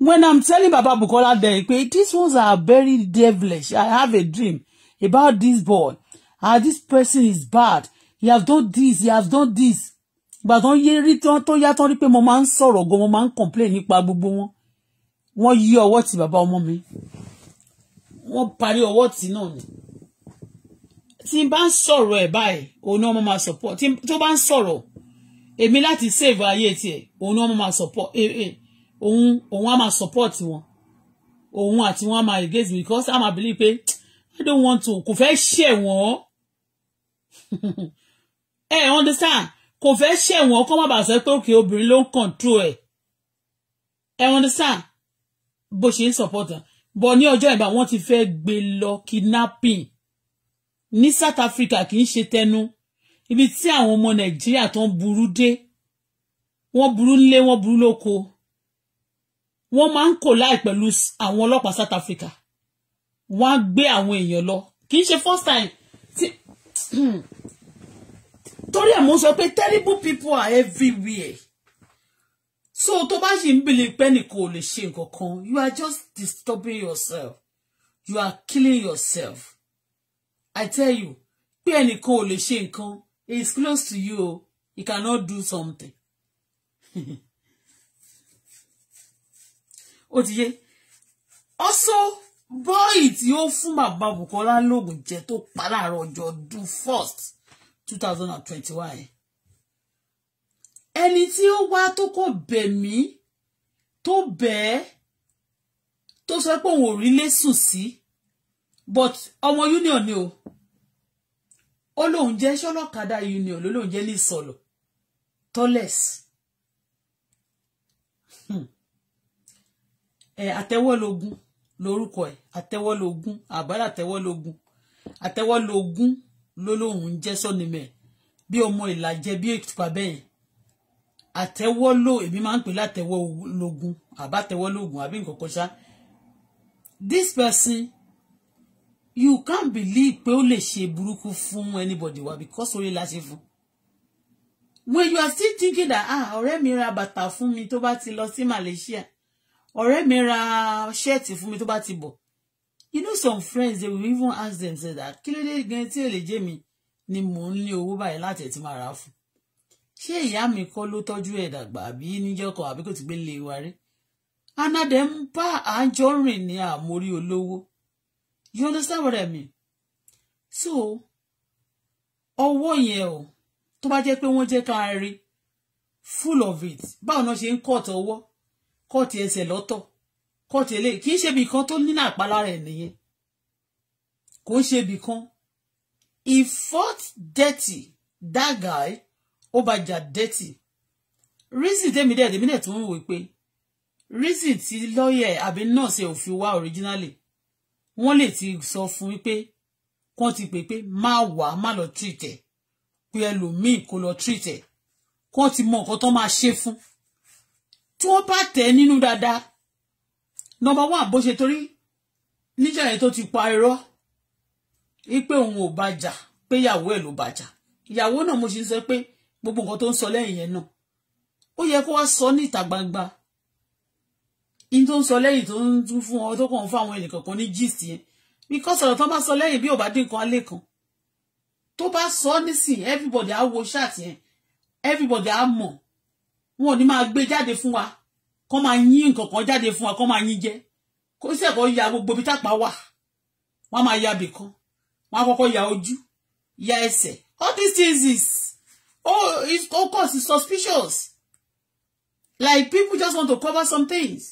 when i'm telling baba bukola then these ones are very devilish i have a dream about this boy ah this person is bad he have done this he have done this But don't ń yé rí tán tó yá tán rí pé mo máa ń sọ̀rọ̀ gan mo máa ń complain nípa gbogbo wọn wọ́n yí ọwọ́ tì bàbá ọmọ mi wọ́n parí ọwọ́ tì náà ni tí n bá ń sọ̀rọ̀ ẹ̀ báyìí support tí tó bá ń sọ̀rọ̀ èmi láti save ayé tiẹ̀ òun ni wọ́n máa support eh, eh òun òun á máa support wọn òun àti wọn á máa against because á máa believe pé I don't want to kò fẹ́ ṣẹ̀ wọ́n ẹ understand kò fẹ́ ṣẹ̀ wọ́n kó má bàa sọ pé òkè obìnrin ló ń control ẹ̀ ẹ eh, understand bó ṣe ń support am bọ̀ ní ọjọ́ ìgbà wọ́n ti fẹ́ gbé lọ kidnapping ní South Africa kì í ṣe tẹnu ibi tí àwọn ọmọ Nàìjíríà tó ń burú dé wọ́n burú nílé wọ́n burú lóko wọ́n máa ń kò láì pẹ̀lú àwọn ọlọ́pàá South Africa wọ́n á gbé àwọn èèyàn lọ kì í ṣe first time tí torí ẹ̀ mo sọ pé terrible people are everywhere so tó bá sì ń bìlì pé nìkan lè ṣe nǹkan kan you are just disturbing yourself you are killing yourself I tell you pé ẹnìkan ò lè ṣe nǹkan he is close to you o he cannot do something. ó ti yé also bọ́ọ̀ì tí ó fún bàbá Bùkọ́lá lóògùn jẹ tó pa láàárọ̀ ọjọ́ ọdún first two thousand and twenty one ẹni tí ó wá tó kọ bẹ̀ mí tó bẹ̀ ẹ́ tó sọ pé òun ò rí lé sí but ọmọ union ni o ó lóun jẹ́ sọ́lọ́kadà union ló lóun jẹ́ ní ìsọ̀lọ̀ tọ́lẹ̀sì àtẹwọ́lógún lórúkọ ẹ̀ àtẹwọ́lógún àbára àtẹwọ́lógún àtẹwọ́lógún lólóhùn jẹ́ sọ́nimẹ̀ bí ọmọ ìlàjẹ bí ètùpà bẹ́ẹ̀ àtẹwọ́lò èmi máa ń pè látẹwọ́lógún àbátẹwọ́lógún àbí nǹkan kan ṣá this person you can't believe pé ó lè ṣe burúkú fún anybody wa because orí la ṣe fún when you are still thinking that ah ọ̀rẹ́ mi ra bàtà fún mi tó bá ti lọ sí Malaysia ọ̀rẹ́ mi ra ṣẹ́ẹ̀tì fún mi tó bá ti bọ̀ you know some friends they will even ask them say that kí ló dé gan tí ò jẹ́ mi ni mò ń ní owó báyìí láti ẹ̀ ti máa rà á fún ṣé ìyá mi kọ́ ló tọ́jú ẹ̀ dàgbà àbí níjọ́kọ̀ àbí kò ti gbé lè wa rí anadẹ ń bá àjọ rìn ní àmórí olówó you understand what I mean so ọwọ́ yẹn o tó bá jẹ́ pé wọ́n jẹ́ ká rí full of it báwo náà ṣe ń kọ̀ tọwọ́ kọ́ọ̀tì ẹsẹ̀ lọ́tọ̀ kọ́ọ̀tì eléyìí kì í ṣe ibìkan tó ní àpálá rẹ̀ nìyẹn kò ń ṣe ibìkan he fought dirty that guy ó bá jà dirty reason tèmi dẹ̀ tèmi dẹ̀ tún ń wò pé reason tí lọ́ọ̀yẹ̀ àbí nọ́ọ̀sì ò fi wá originally wọ́n lè ti sọ fún wípé kán ti pè pé má wà á má lọ treat pé ẹlòmíì kò lọ treat ẹ̀ ti mọ nǹkan tó máa ṣe fún tí wọ́n bá tẹ̀ nínú dáadáa nọ́mbà wà bó ṣe torí níjà yẹn tó ti pa irọ́ wípé òun ò bàjà pé ìyàwó ẹ̀ ló bàjà ìyàwó náà mo ṣe ń sọ pé gbogbo nǹkan tó ń sọ lẹ́yìn yẹn náà ó yẹ kó wá sọ ní ìta gbangba in tó ń sọ lẹ́yìn tó ń tún fún ọ tó kàn fún àwọn ènìyàn kan ní gist yẹn because ọ̀rọ̀ tó bá sọ lẹ́yìn bí ò bá dín kan alẹ́ kan tó bá sọ nísìnyí everybody á wo ṣáàtì yẹn everybody á mọ̀ wọn ò ní máa gbé jáde fún wa kó máa yín nǹkan kan jáde fún wa kó máa yín jẹ kó sì ẹ̀kọ́ ya gbogbo ibi tápá wà wọ́n máa ya bìkan wọ́n á kọ́kọ́ ya ojú ya ẹsẹ̀ all these things is oh it's of course it's suspicious like people just want to cover some things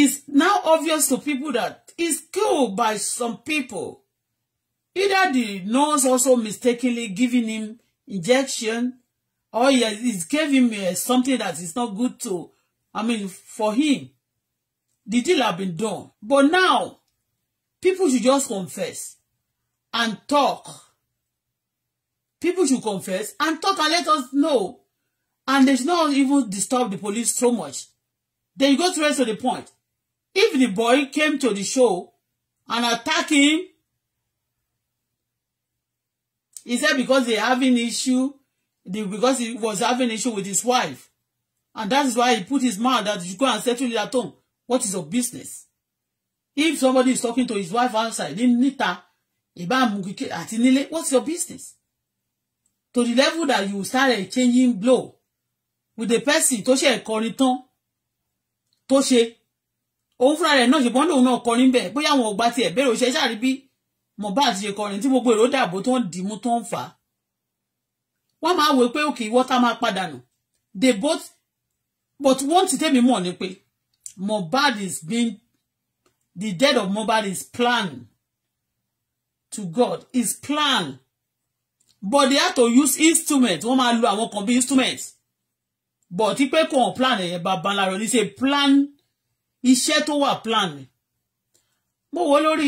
it's now obvious to people that it's killed by some people either the nurse also mistakenly giving him injection Oh yeah, it gave him uh, something that is not good to, I mean, for him. The deal have been done. But now, people should just confess and talk. People should confess and talk and let us know. And they should not even disturb the police so much. Then you go straight to the point. If the boy came to the show and attacked him, he said because they have an issue, because he was having issue with his wife. And that is why he put his mouth that you go and settle it at home. What is your business? If somebody is talking to his wife outside, níta, àti nílé, what's your business? To the level that you start exchanging blow with the person tó ṣe ẹ̀kọrin tán tó ṣe òun fúnra rẹ̀ náà ṣùgbọ́n lòun náà kọrin bẹ́ẹ̀ bóyá àwọn ọgbà tiẹ̀ bẹ̀rẹ̀ òṣèṣàrí bí Mohbad ti ṣe kọrin tí gbogbo èrò dàbò tó ń wọ́n máa wò pé òkè ìwọ́ta máa padà nù they both but wọ́n ti tẹ́mi mọ̀ ni pé Mohbad is being the dead of Mohbad is plan. to God is plan. but they have to use instrument wọ́n máa lo àwọn kan bí instrument but pípẹ́ kàn plan ẹ̀yẹ babaláwo ní ṣe plan iṣẹ́ tó wà plan mo wo lórí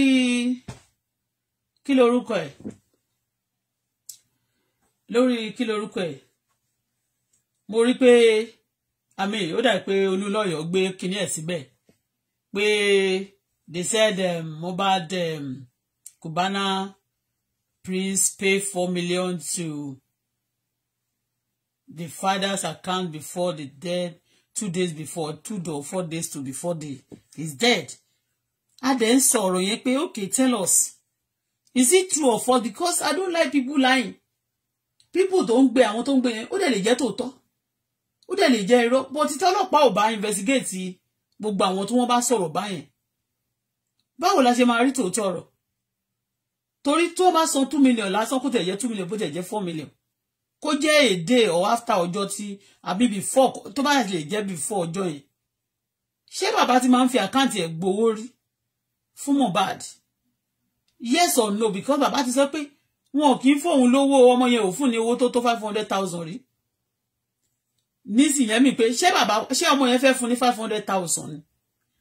kí lorúkọ ẹ̀ lórí kí lorúkọ ẹ̀ mo rí pé àmì ó dà pé olúlọ́yọ̀ gbé kinní ẹ̀ síbẹ̀ pé they said um, Mohbad um, Cubana prince pay four million to the father's account before the dead. two days before two or four days to before the he's dead a dẹ̀ ń sọ̀rọ̀ yẹn pé okay tell us is it true or false because I don't like people lying people tó ń gbé àwọn tó ń gbé yẹn ó dẹ̀ lè jẹ́ tòótọ́ ó dẹ̀ lè jẹ́ irọ́ bó ti tẹ́ ò bá investigate gbogbo àwọn tí wọ́n bá sọ̀rọ̀ báyẹn báwo la ṣe máa rí tòótọ́ ọ̀rọ̀ torí tó bá san two million lásán kó tẹ̀ jẹ́ two million bó tẹ̀ jẹ́ four million kó jẹ́ èdè or after ọjọ́ tí àbí before tó bá lè jẹ́ before ọjọ́ yẹn ṣé bàbá ti máa ń fi àkáǹtì ẹ̀ gbowó rí fún Mohbad yes or no because bàbá ti sọ pé wọn ò kí ń fóun lówó ọmọ yẹn ò fún ní owó tó tó five hundred thousand rí nísìnyẹn mi pé ṣé bàbá ṣé ọmọ yẹn fẹ́ fún ní five hundred thousand ni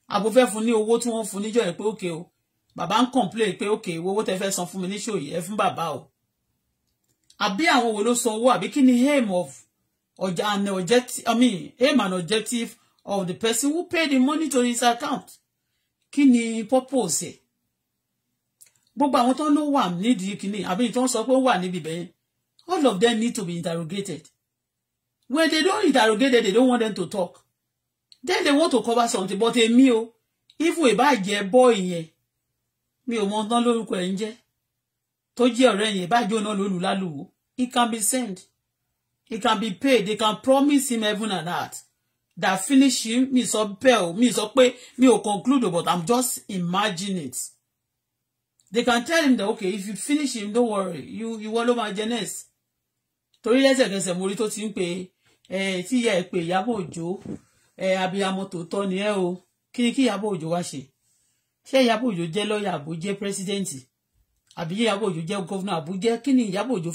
àbò fẹ́ fún ní owó tí wọ́n fún níjọ́ yẹn pé òkè o bàbá ń complain pé òkè owó tẹ́ fẹ́ san fún mi níṣó yìí ẹ fún bàbá o àbí àwọn wo ló san owó àbí kí ni aim of ọjà an objective i mean aim and objective of the person who pay the money to his account kí ni purpose ẹ̀ gbogbo àwọn tó ló wà nídìí kínní àbí tó ń sọ pé ó wà níbi bẹ́ẹ̀ all of them need to be interrogated when they don't interrogate them they don't want them to talk then they want to cover something but èmi o even ìbàjẹ́ boy yẹn mi ò mọ ọdán lórúkọ ẹ̀ ń jẹ́ tó jẹ́ ọ̀rẹ́ yẹn ìbàjẹ́ náà lólu lálùwò It can be sent It can be paid they can promise him heaven and earth that finish him mi sọ bẹ́ẹ̀ o mi sọ pé mi ò conclude but i'm just imagine it they can tell him that okay if you finish him don't worry you ìwọ ló máa jẹ next torí lẹ́sẹ̀kẹsẹ̀ mo rí tó ti ń pe tí ìyá ẹ̀ pé Ìyábọ̀ Òjó abiyamọ tòótọ́ ni ẹ o kí ni kí Ìyábọ̀ Òjó wá ṣe ṣé Ìyábọ̀ Òjó jẹ́ lọ́ọ̀yà àbó jẹ́ pírẹ́sídẹ́ǹtì àbí Ìyábọ̀ Òjó jẹ́ gọ́vnà àbó jẹ́ kí ni Ìyábọ̀ Òjó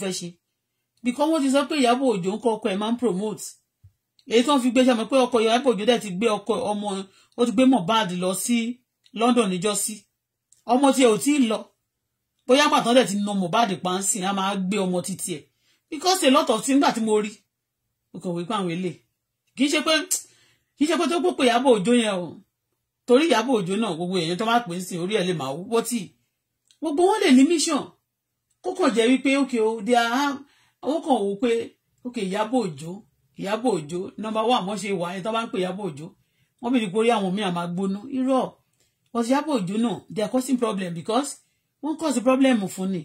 because wọ́n ti sọ pé yabo ojo ń kọ́ ọkọ ẹ̀ máa ń promote èyí tó ń fi gbé sàmì pé ọkọ Ìyábọ̀ Òjó dẹ̀ ti gbé ọkọ ọmọ ó ti gbé Mohbad lọ sí London níjọ́sí ọmọ tiẹ̀ ò tí ì lọ bóyá pàtàn dẹ̀ ti na Mohbad pàǹsì a máa gbé ọmọ títí ẹ̀ because a lot of things nígbà tí mo rí o kàn wípé àwọn èlé kì í ṣe pé kì í ṣe pé tó pòpè Ìyábọ̀ Òjó yẹn o torí Ìyábọ̀ Òjó náà gbogbo èèyàn tó máa pè é sí orí ẹ̀ lè máa wọ́ tì gbogbo wọn lè ní mission kó kàn jẹ́ wípé okay o di àwọn kan wò pé okay Ìyábọ̀ Òjó Ìyábọ̀ Òjó number one wọ́n ṣe wà ẹ̀ tó bá ń pè Ìyábọ̀ Òjó wọ́n bìí ní kórí àwọn míì Because Ìyábọ̀ Òjó náà they are causing problem because wọ́n cause problem fún ni.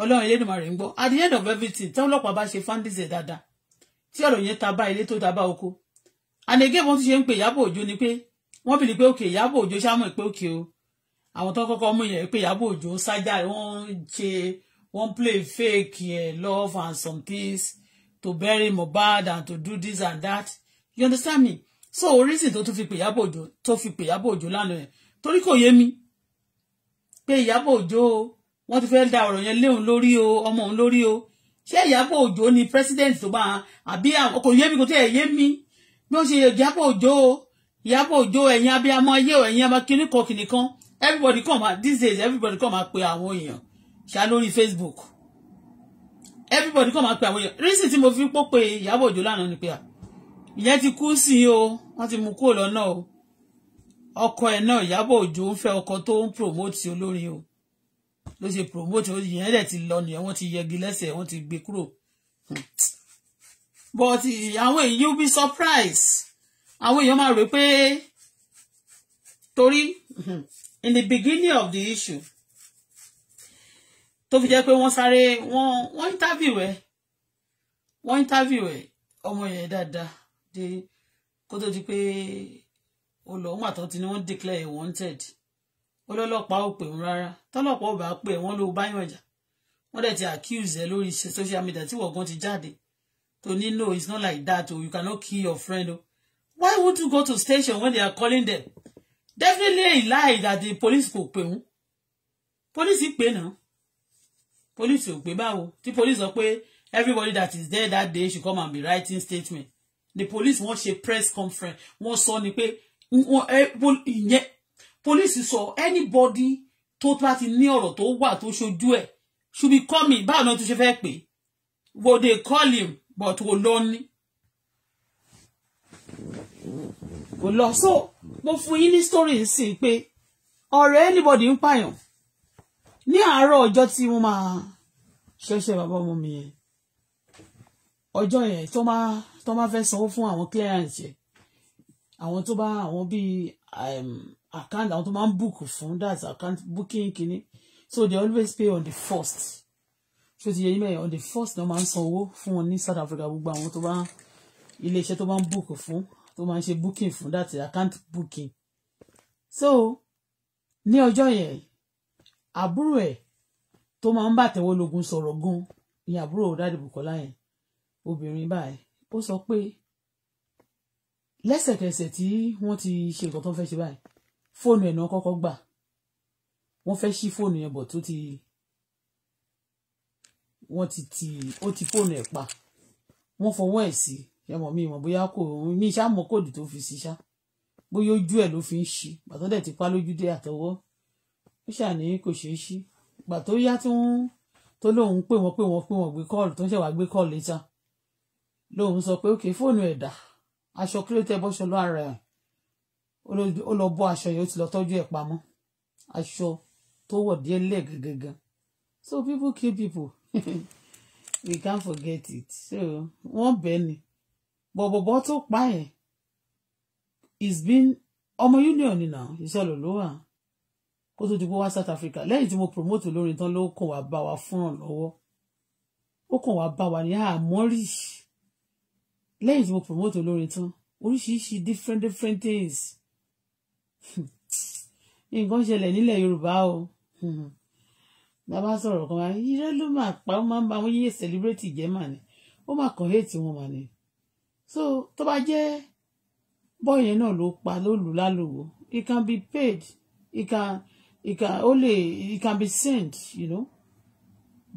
Ọlọ́run Elédùmarè ń gbọ́. At the end of everything, táwọn ọlọ́pàá bá ṣe fáńdíṣẹ̀ dáadáa. Tí ọ̀rọ̀ yẹn ta bá ilé tó ta bá oko. And again, wọ́n tún ṣe ń pe Ìyábọ̀ Òjó ni pé wọ́n bìlì pé òkè Ìyábọ̀ Òjó ṣámọ̀ pé òkè o. Àwọn tó kọ́kọ́ mú yẹn pé Ìyábọ̀ Òjó sájà wọ́n ṣe wọ́n play fake yeah, love and some things to bury Mohbad and to do this and that. You understand me? so reason tó tún fi pè Ìyábọ̀ Òjó tó fi pè Ìyábọ̀ Òjó lánàá yẹn torí kò yé mi pé Ìyábọ̀ Òjó wọ́n ti fẹ́ da ọ̀rọ̀ yẹn léun lórí o ọmọ òun lórí o ṣé Ìyábọ̀ Òjó ni president tó bá àbí kò yé mi kò tẹ̀ yé mi bí wọ́n ṣe Ìyábọ̀ Òjó o Ìyábọ̀ Òjó ẹ̀yin abiyamọ ayé o ẹ̀yin abakiní kan kìnì kan everybody come these days everybody come máa pe àwọn èèyàn ṣá lórí Facebook everybody come máa pe àwọn èèyàn reason tí mo fi pọ́ pé Ìyábọ̀ Òjó lánàá ni pé à ìyẹn ti kú sí i o wọ́n ti mú kúrò lọ́nà o ọkọ ẹ̀ náà Ìyábọ̀ Òjó ń fẹ́ ọkọ tó ń promote olórin o ló ṣe promote ìyẹn dẹ̀ ti lọ nìyẹn wọ́n ti yẹgi lẹ́sẹ̀ wọ́n ti gbé kúrò hmm. but àwọn èèyàn you be surprised àwọn èèyàn máa rò pé torí hmm, in the beginning of the issue tó fi jẹ́ pé wọ́n sáré wọ́n wọ́n interview ẹ̀ wọ́n interview ẹ̀ ọmọ yẹn dáadáa dé kó tó di pé ó lọ wọn àtọ́ tí ni wọ́n declare wanted ó lọ́lọ́pàá ò pè wọn rárá tọ́lọ́pàá ò bá pè wọ́n ló báyọ̀ ọjà wọ́n dẹ̀ ti accuse ẹ lórí social media tí wọ̀gán ti jáde tó ní no it's not like that o you cannot kill your friend o why would you go to station when they are calling them definitely a lie that the police kò pè wọn police pè náà police ò pè báwo tí police sọ pé everybody that is there that day should come and be writing statement the police wọ́n ṣe press conference wọ́n sọ ni pé ìyẹn police sọ anybody tó bá ti ní ọ̀rọ̀ tó wà tó ṣojú ẹ̀ should be coming báwo náà tó ṣe fẹ́ pè wo dey call him but kò lọ ní. kò lọ so mo fún yín ní story sí i pé ọ̀rẹ́ anybody ń pààyàn ní àárọ̀ ọjọ́ tí wọ́n máa ṣẹ̀ṣẹ̀ bàbá ọmọ mi yẹn ọjọ́ yẹn tó máa tó bá fẹ́ sanwó fún àwọn clients yẹn àwọn tó bá àwọn bíi um, account àwọn tó máa ń book fún that's account booking kìíní so they always pay on the first so ti yẹ yín mẹ́rin on the first náà máa ń sanwó fún wọn ní South Africa gbogbo àwọn tó bá ilé iṣẹ́ tó máa ń book fún tó máa ń ṣe booking fún that's account booking so ní ọjọ́ yẹn àbúrò ẹ̀ tó máa ń bàtẹ́wọ́ lógun sọ̀rọ̀ gan ni àbúrò dáàdì Bùkọ́lá yẹn obìnrin báyìí ó sọ pé lẹ́sẹ̀kẹsẹ̀ tí wọ́n ti ṣe nǹkan tó ń fẹ́ ṣe báyìí fóònù ẹ̀ náà kọ́kọ́ gbà wọ́n fẹ́ ṣí fóònù yẹn bọ̀ tó ti wọ́n ti ti ó ti fóònù ẹ̀ pa wọ́n fọwọ́ ẹ̀ sí ẹmọ mi ìmọ̀ bóyá kò ní iṣá mọ kóòdù tó fi sí ṣá bóyá ojú ẹ̀ ló fi ń ṣí gbàtọ́ dẹ̀ ti pa lójú dé àtọwọ́ ó ṣàní kò ṣeé ṣí gbàtọ́ yá tí wọ́n tó lóun pè wọ́n pè wọ́n pè wọ́n gbé kọ́ọ̀lù tó ń ṣẹ̀wá gbé kọ́ọ̀lù létà lóun sọ pé òkè fóònù ẹ̀dá aṣọ kílódé bọ́ṣọ ló ara ẹ̀ ó lọ bọ́ aṣọ yẹn ó ti lọ tọ́jú ẹ̀ pamọ́ aṣọ tó wọ̀ díẹ̀ lẹ̀ gangan so people kill people we can't forget it so wọ́n bẹ́ẹ̀ ni bọ̀bọ̀bọ̀ tó pa ẹ̀ is been ọmọ union ni na ìṣọlọ ló wà kó tó ti gbó wá South Africa lẹ́yìn tí mo promote olórin tán ló kàn wá bá wa fúnràn lọ́wọ́ ó kàn wá bá wa ní àmọ́rì. Ah, lẹ́yìn tí mo promote olórin tán oríṣiríṣi different different things nǹkan ṣẹlẹ̀ nílẹ̀ yorùbá o bàbá sọ̀rọ̀ kan wáyé irẹ́ ló máa pa ó máa ń ba àwọn yíyẹ celebrate jẹ́ mà ní ó máa kàn hate wọn mà ní so tó bá jẹ́ bọ́ọ̀ yẹn náà ló pa lólu lálòwò it can be paid it can it can only it can be sent you know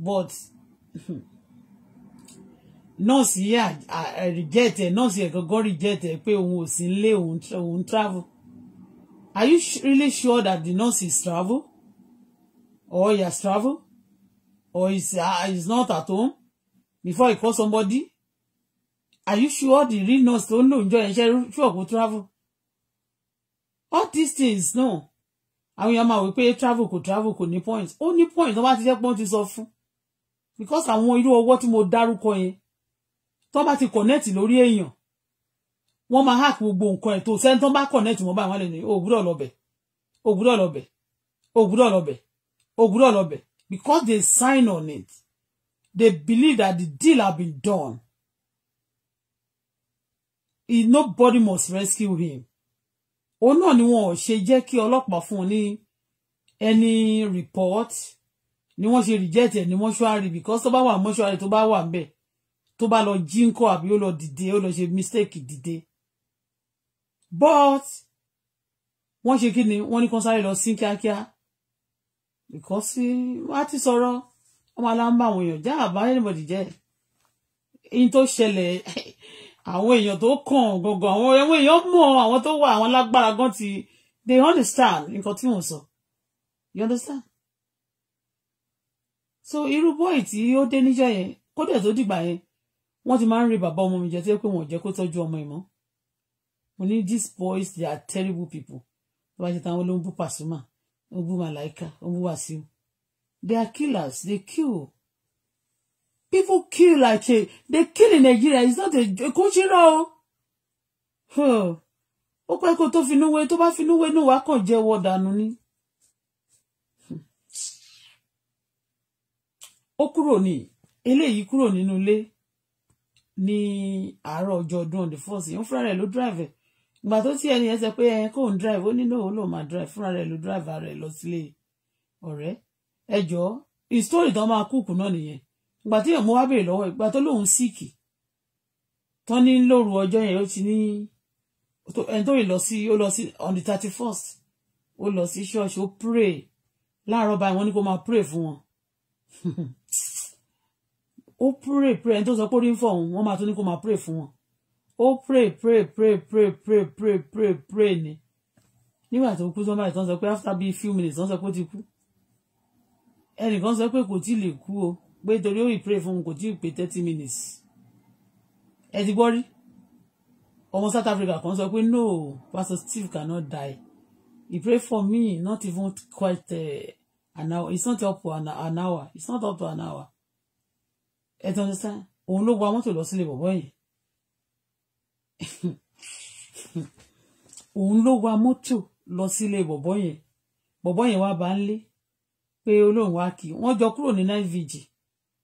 but nọ́ọ̀sì yẹn reject ẹ̀ nọ́ọ̀sì yẹn gangan reject ẹ̀ pé òun ò sí nílé òun travel are you really sure that the nurse is travel or he has travel or he is uh, not at home before he call somebody are you sure the real nurse tó know lò ń sure go travel all these things no àwọn èèyàn máa wí pé travel kò travel kò ní point ó ní point wọn bá ti jẹ́ pé wọ́n ti sọ fún because àwọn irú ọwọ́ tí mo dárúkọ yẹn tó bá ti connect lórí èèyàn wọ́n máa hack gbogbo nǹkan ẹ̀ tó sẹ́ni tó bá connect wọ́n bá wọn lè ní òwúrọ̀ lọ́bẹ̀ òwúrọ̀ lọ́bẹ̀ òwúrọ̀ lọ́bẹ̀ òwúrọ̀ lọ́bẹ̀ because they sign on it they believe that the deal has been done he, nobody must rescue him òun náà ni wọn ò ṣe jẹ́ kí ọlọ́pàá fún un ní ẹni report ni wọ́n ṣe reject ẹ̀ ní mọ́ṣúárì because tó bá wà mọ́ṣúárì tó bá wà ń bẹ̀ tó bá lọ jí ńkọ́ àbí ó lọ dìde ó lọ ṣe mistake dìde but wọ́n ṣe kí ni wọ́n ní kán sáré lọ sí kíákíá ìkọ́sí wá ti sọ̀rọ̀ ọmọ aláǹbá àwọn èèyàn já àbá anybody jẹ́ in tó ṣẹlẹ̀ àwọn èèyàn tó kàn gbọ̀ngàn àwọn àwọn èèyàn mọ̀ àwọn tó wà àwọn lágbára gan ti they understand nǹkan tí wọ́n sọ you understand so irú bọ́ì tí ó dé níjọ́ yẹn kódà tó dìgbà yẹn wọ́n ti máa ń rí bàbá ọmọ mi jẹ tí ó pé wọ́n jẹ́ kó tọ́jú ọmọ ẹ̀ mọ́ mo ní these boys they are terrible people tó bá ṣe tán ló ń bú Pasuma ó ń bú Malaika ó ń bú Wàsíù they are killers they kill people kill like a they kill in Nigeria it's not a kò ṣe rọ o ó pẹ́ kó tó finú wé tó bá finú wé náà wá kàn jẹ́wọ́ dànù ni. ó kúrò ní eléyìí kúrò nínú ilé ní àárọ̀ ọjọ́ ọdún on the first yìí ń fúnra rẹ̀ ló drive ẹ̀ ìgbà tó tí ẹni yẹn sọ pé ẹ kóun drive ó ní náà ó lòun máa drive fúnra rẹ̀ ló drive rẹ̀ lọ sílé ọ̀rẹ́ ẹ jọ ìsítórì tán máa kúùkù náà nìyẹn ìgbà tí èèmú wá bèrè lọ́wọ́ ìgbà tó lòun síìkì tán ní lóru ọjọ́ yẹn ó ti ní ẹni tó yìí lọ sí ó lọ sí on the thirty first ó lọ sí ṣọ́ọ̀ṣì ó pray láàárọ̀ báyìí wọ́n ní kó máa pray fún wọn ó pray pray ẹni tó sọ pé orí ń fọ òun wọ́n máa tún ní kó máa pray fún wọn ó pray pray pray pray pray pray pray pray ni nígbà tó kú tó báyìí tó sọ pé after bíi few minutes tó ń sọ pé ó ti kú ẹnìkan sọ pé kò tí ì lè kú o pé torí ó ì pray fún un kò tí ì pé thirty minutes ẹ ti gbọ́ rí ọmọ South Africa kan sọ pé no Pastor Steve cannot die he pray for me not even quite uh, an hour it's not up to an hour it's not up to an hour ẹ ti understand òun ló wa mọ́tò lọ sílé bọ̀bọ́ yẹn òun ló wa mọ́tò lọ sílé bọ̀bọ́ yẹn bọ̀bọ́ yẹn wá bá ń lé pé olóhùn wá kí wọ́n jọ kúrò ní nine vg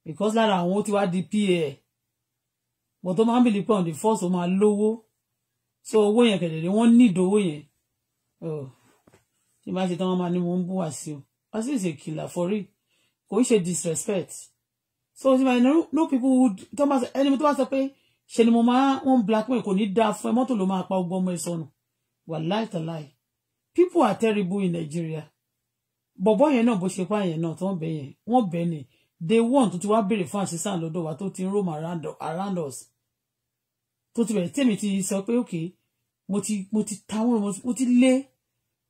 because lára àwọn ó ti wá di pa but ó máa ń bìlí pé on the first ó máa lówó so owó yẹn kẹ̀dẹ̀dẹ̀ wọ́n ní ìdówó yẹn oh, tí bá ṣe tán wọ́n máa ní mo ń bú wá sí o wá sí ìṣèkìlà for real kò ń ṣe disrespect so ṣe máa know people who tó bá sọ ẹni tó bá sọ pé ṣe ni mo máa wọn man, kò ní dáa fún ẹ mọ́tò ló máa pa ọgbọ́n ọmọ ẹ sọnù wàláì tàláì people are terrible in Nigeria bọ̀bọ̀ yẹn náà bó ṣe pa yẹn náà tó ń bẹ yẹn wọ́n bẹ̀ ni day one tó ti wá béèrè fún àṣìṣàn lọ́dọ̀ wa tó ti ń roam around us tó ti bẹ̀rẹ̀ tèmi ti sọ pé okay mo ti mo ti ta wọn mo ti lé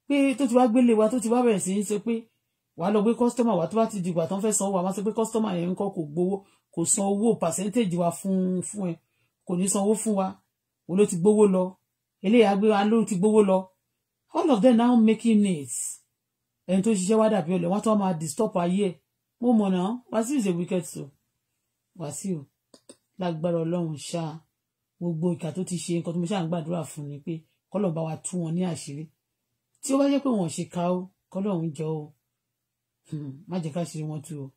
pé tó ti wá gbélé wa tó ti wá bẹ̀rẹ̀ sí í sọ pé wàá lọ gbé kọ́sítọ́mà wa tó bá ti dìgbà tó ń fẹ́ sanwó wa máa sọ pé kọ́sítọ́mà yẹn ń kọ́ kò gbowó kò san owó pàṣẹ́ntéèjì wa fún fún ẹ kò ní san owó fún wa wo ló ti gbowó lọ eléyà gbé wa ló ti gbowó lọ all of them now making it ẹni tó ṣiṣẹ́ wá dàbí ọ̀lẹ wọ́n tó máa disturb ayé ẹ̀ mo mọ̀ náà Wàsíù is a wicked soul Wàsíù lágbára ọlọ́run ṣá gbogbo ìkà tó ti ṣe nǹkan tó mo ṣáà ń gbàdúrà fún ni pé kọ́lọ̀ bá wa tú wọn ní àṣírí tí ó bá jẹ́ pé wọ́n ṣe ká ó kọ́lọ̀ ń jọ ó Hmm, má jẹ́ ká ṣe wọn tu o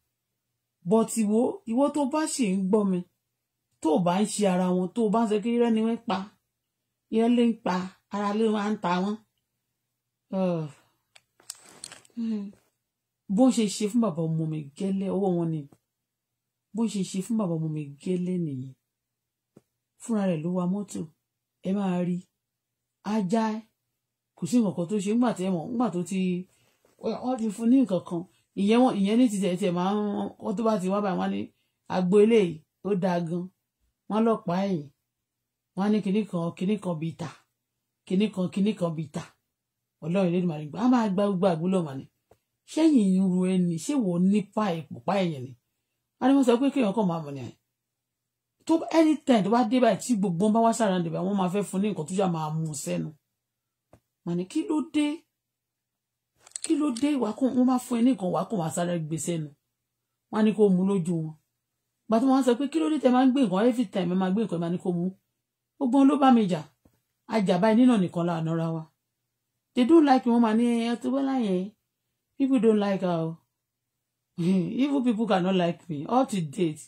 but ìwọ ìwọ tó bá ṣì ń gbọ́ mi tó bá ń ṣe ara wọn tó bá ń sọ pé irọ́ ni wọ́n pa irọ́ ló ń pa ara ló máa ń ta wọ́n hmm. bó ṣe ṣe fún bàbá ọmọ mi gẹ́lẹ́ ọwọ́ wọn ni bó ṣe ṣe fún bàbá ọmọ mi gẹ́lẹ́ nìyẹn fúnra rẹ̀ ló wa mọ́tò ẹ máa rí ajá kò sí nǹkan tó ṣe ńgbà tí ẹ mọ̀ ńgbà tó ti wọ́n ti fún ní nǹkan kan ìyẹn wọn ìyẹn ní tìtẹ̀ tẹ̀ máa ń wọ́n tó bá ti wá báyìí wọ́n ní agbo eléyìí ó dáa gan wọ́n lọ́pàá ẹ̀yìn wọ́n ní kinní kan kinní kan bíi ta kinní kan kinní kan bíi ta ọlọ́run ilé ìdìbò àgbà á máa gba gbogbo àgbélọ̀ mà ní ṣẹ́yìn irú ẹni ṣé wọ́n ní pa ìpòpá ẹ̀yìn ni wọ́n ní wọ́n sọ pé kéèyàn kàn máa mọ̀ ní àyè tó anytime tó bá dé báyìí tí gbogbo wọn bá wá sára níbẹ̀ wọ́n máa fẹ́ fún ní nǹkan tó kí ló dé ìwákùn wọn máa fún ẹ ní nǹkan ìwákùn wàá sáré gbé sẹ́nu wọn á ní kó lójú wọn gbà tí wọn sọ pé kí ló dé tẹ máa ń gbé nǹkan every time ẹ máa gbé nǹkan ẹ máa ní kó mu gbogbo wọn ló bá mi jà ajá báyìí nínà nìkan la ànọ́ra wa they don't like wọn máa ní ẹ ti wẹ́lá yẹn people don't like her o evil people cannot like me up to date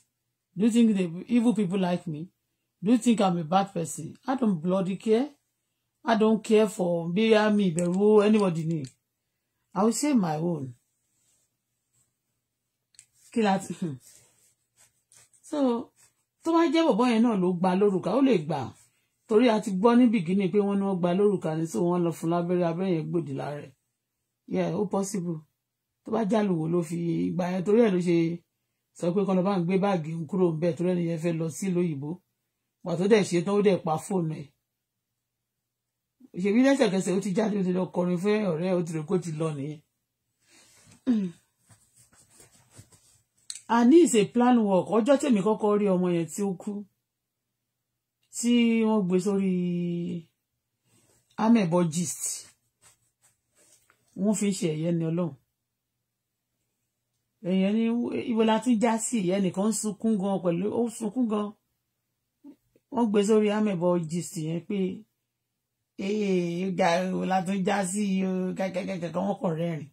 do you think the evil people like me do you think i'm a bad person i don't bloody care i don't care for Bia, i am anybody name. I will say my own kí la hmm. so tó bá jẹ́ bọ̀bọ́ yẹn náà ló gba lórúkà ó lè gbà torí a ti gbọ́ ní bìgínì pé wọ́n ní wọ́n so wọ́n lọ fún lábẹ́rẹ́ abẹ́rẹ́ yẹn gbòdì lára yeah ó possible tó bá jalu ló fi ìgbà yẹn torí ẹ̀ ló ṣe sọ pé kọ́nà bá ń gbé báàgì kúrò ń bẹ̀ torí ẹni yẹn fẹ́ today? She òyìnbó pàtó dẹ̀ ṣe tán pa fóònù ẹ̀ òṣèbí lẹ́sẹ̀kẹsẹ̀ ó ti jáde ó ti lọ kọrin fún ọ̀rẹ́ ó ti rò kó ti lọ nìyẹn. àní is a plan work ọjọ́ tèmi kọ́kọ́ rí ọmọ yẹn tí ó kú tí wọ́n gbé sórí amebo gist wọ́n fi ṣe ẹ̀yẹ ni ọlọ́run èèyàn ní ìwé la tún já sí ìyẹn nìkan ń sunkún gan pẹ̀lú ó sunkún gan wọ́n gbé sórí amebo gist yẹn pé. Pe ee ga o la tún já sí o kẹkẹkẹkẹ wọn kọ rẹ́rìn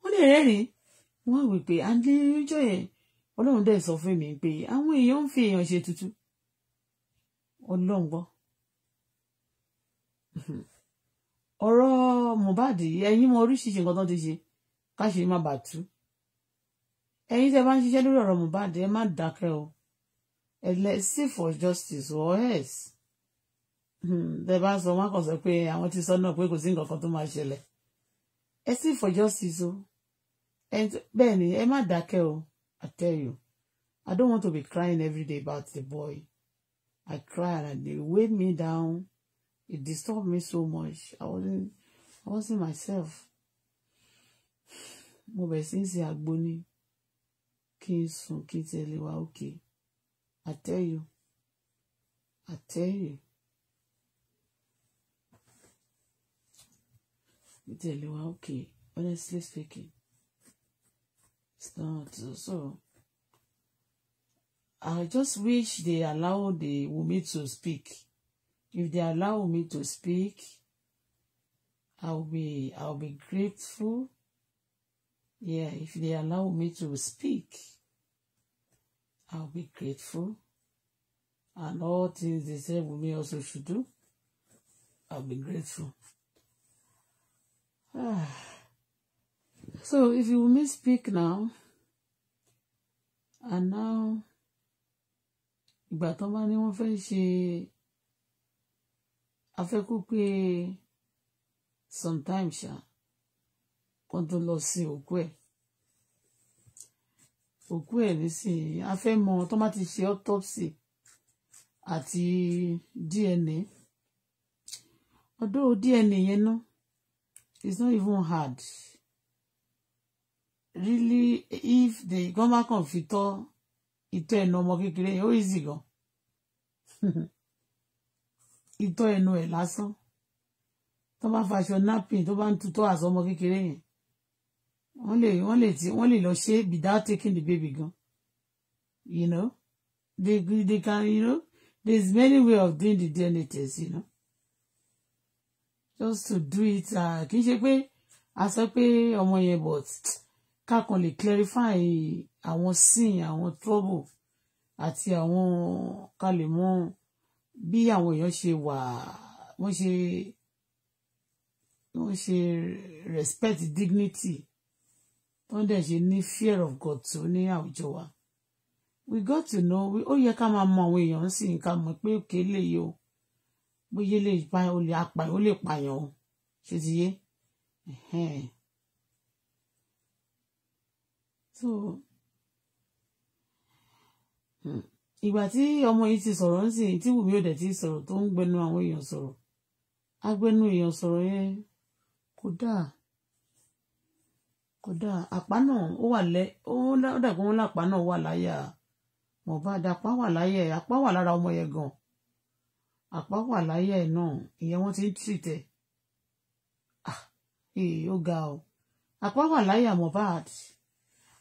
wọn lè rẹ́rìn wọn wí pé adéjọ yẹn Ọlọ́run dẹ̀ sọ fún mi pé àwọn èèyàn ń fi èèyàn ṣe tutu Ọlọ́run gbọ́ ọ̀rọ̀ Mohbad ẹ̀yin mọ oríṣiríṣi nǹkan tó ti ṣe káṣe má bàa tú ẹ̀yin tẹ́ bá ń ṣiṣẹ́ lórí ọ̀rọ̀ Mohbad ẹ má dákẹ́ o ẹ lẹ sí for justice or else. Hmm, tẹ bá ń sọ wọn kàn sọ pé àwọn ti sọ náà pé kò sí nǹkan kan tó máa ṣẹlẹ̀ ẹ sì fọjọ́ sí so bẹ́ẹ̀ ni ẹ má dákẹ́ o I tell you I don't want to be crying every day about the boy I cry and they weigh me down it disturbed me so much I wasn't I wasn't myself mo bẹ̀rẹ̀ sí ń ṣe àgbo ni kí n sùn kí n tẹ̀lé wa òkè I tell you I tell you. Tell you lè okay honestly speaking it's not so I just wish they allow the Wunmi to speak if they allow me to speak I'll be I'll be grateful yeah if they allow me to speak I'll be grateful and all things they say women also should do I'll be grateful. Ah. so if you misspeak now and now ìgbà tán bá ní wọ́n fẹ́ ṣe afẹ́kú pé sometimes ṣá kan tó lọ sí òkú ẹ̀ òkú ẹ̀ nísìnyí afẹ́mọ tán bá ti ṣe autopsy àti DNA ọdún DNA yẹn náà it's not even hard really if the government kan fi tọ́ ìtọ́ ẹnu ọmọ kékeré yẹn ó easy go? ìtọ́ ẹnu ẹ̀ lásán tó bá faṣọ napping tó bá ń tutọ́ àṣọ ọmọ kékeré yẹn wọ́n lè wọ́n lè without taking the baby gan you know they they can you know there's many way of doing the DNA test you know just to do it uh, kì í ṣe pé a sọ pé ọmọ yẹn but kákan lè clarify àwọn sin àwọn trouble àti àwọn ká lè mọ bí àwọn èèyàn ṣe wà wọ́n ṣe wọ́n ṣe respect dignity wọ́n dẹ̀ ṣe ní fear of God tó ní àwùjọ wa we got to know ó yẹ ká máa mọ àwọn èèyàn sí ká mọ̀ pé òkè lè yọ bóyá lè pa ó lè apá ó lè pààyàn o ṣe ti yé so hmm, ìgbà tí ọmọ yìí ti sọ̀rọ̀ ń sìn tí Wùmí ò dẹ̀ ti sọ̀rọ̀ tó ń gbẹnu àwọn èèyàn sọ̀rọ̀ agbẹnu èèyàn sọ̀rọ̀ yẹn kò dáa kò dáa àpá náà ó wà lẹ ó dàgbọ́n lápá náà wà láyà Mohbad apá wà láyà apá wà lára ọmọ yẹn gan-an àpá wà láyà ẹ̀ náà ìyẹn wọ́n ti ń tìtẹ̀ ah, ó ga o àpá wà láyà Mohbad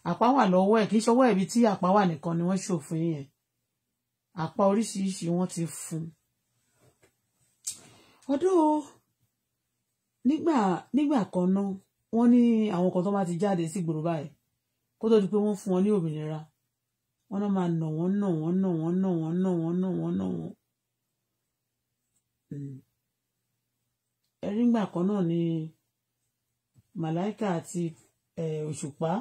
àpá wà lọ́wọ́ ẹ̀ kì í ṣọwọ́ ẹ̀bi tí àpá wà nìkan ni wọ́n ṣòfin yẹn àpá oríṣiríṣi wọ́n ti fún ọdún nígbà nígbà kan náà wọ́n ní àwọn kan tó bá ti jáde sí gbòòrò báyìí kó tó di pé wọ́n fún wọn ní òmìnira wọ́n náà máa nà wọ́n nà wọ́n nà wọ́n nà wọ́n nà wọ́n nà wọ́n nà wọ́n ẹrí ngbà kan náà ni màláìka àti òṣùpá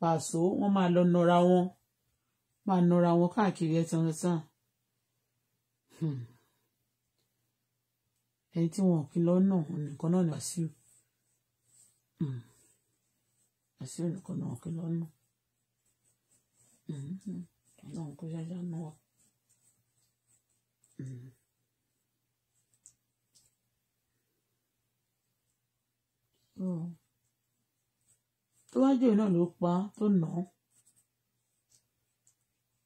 pàṣọ wọn máa lọ nọra wọn máa nọra wọn káàkiri ẹ tán tán ẹni tí wọn kì í lọ náà nìkan náà ni Wàsíù hmm. Wàsíù nìkan náà kì í lọ náà hmm. Hmm. kó ṣáṣá náà. Mm-hmm. Hmm. tó bá jòyè náà ló pa tó nà án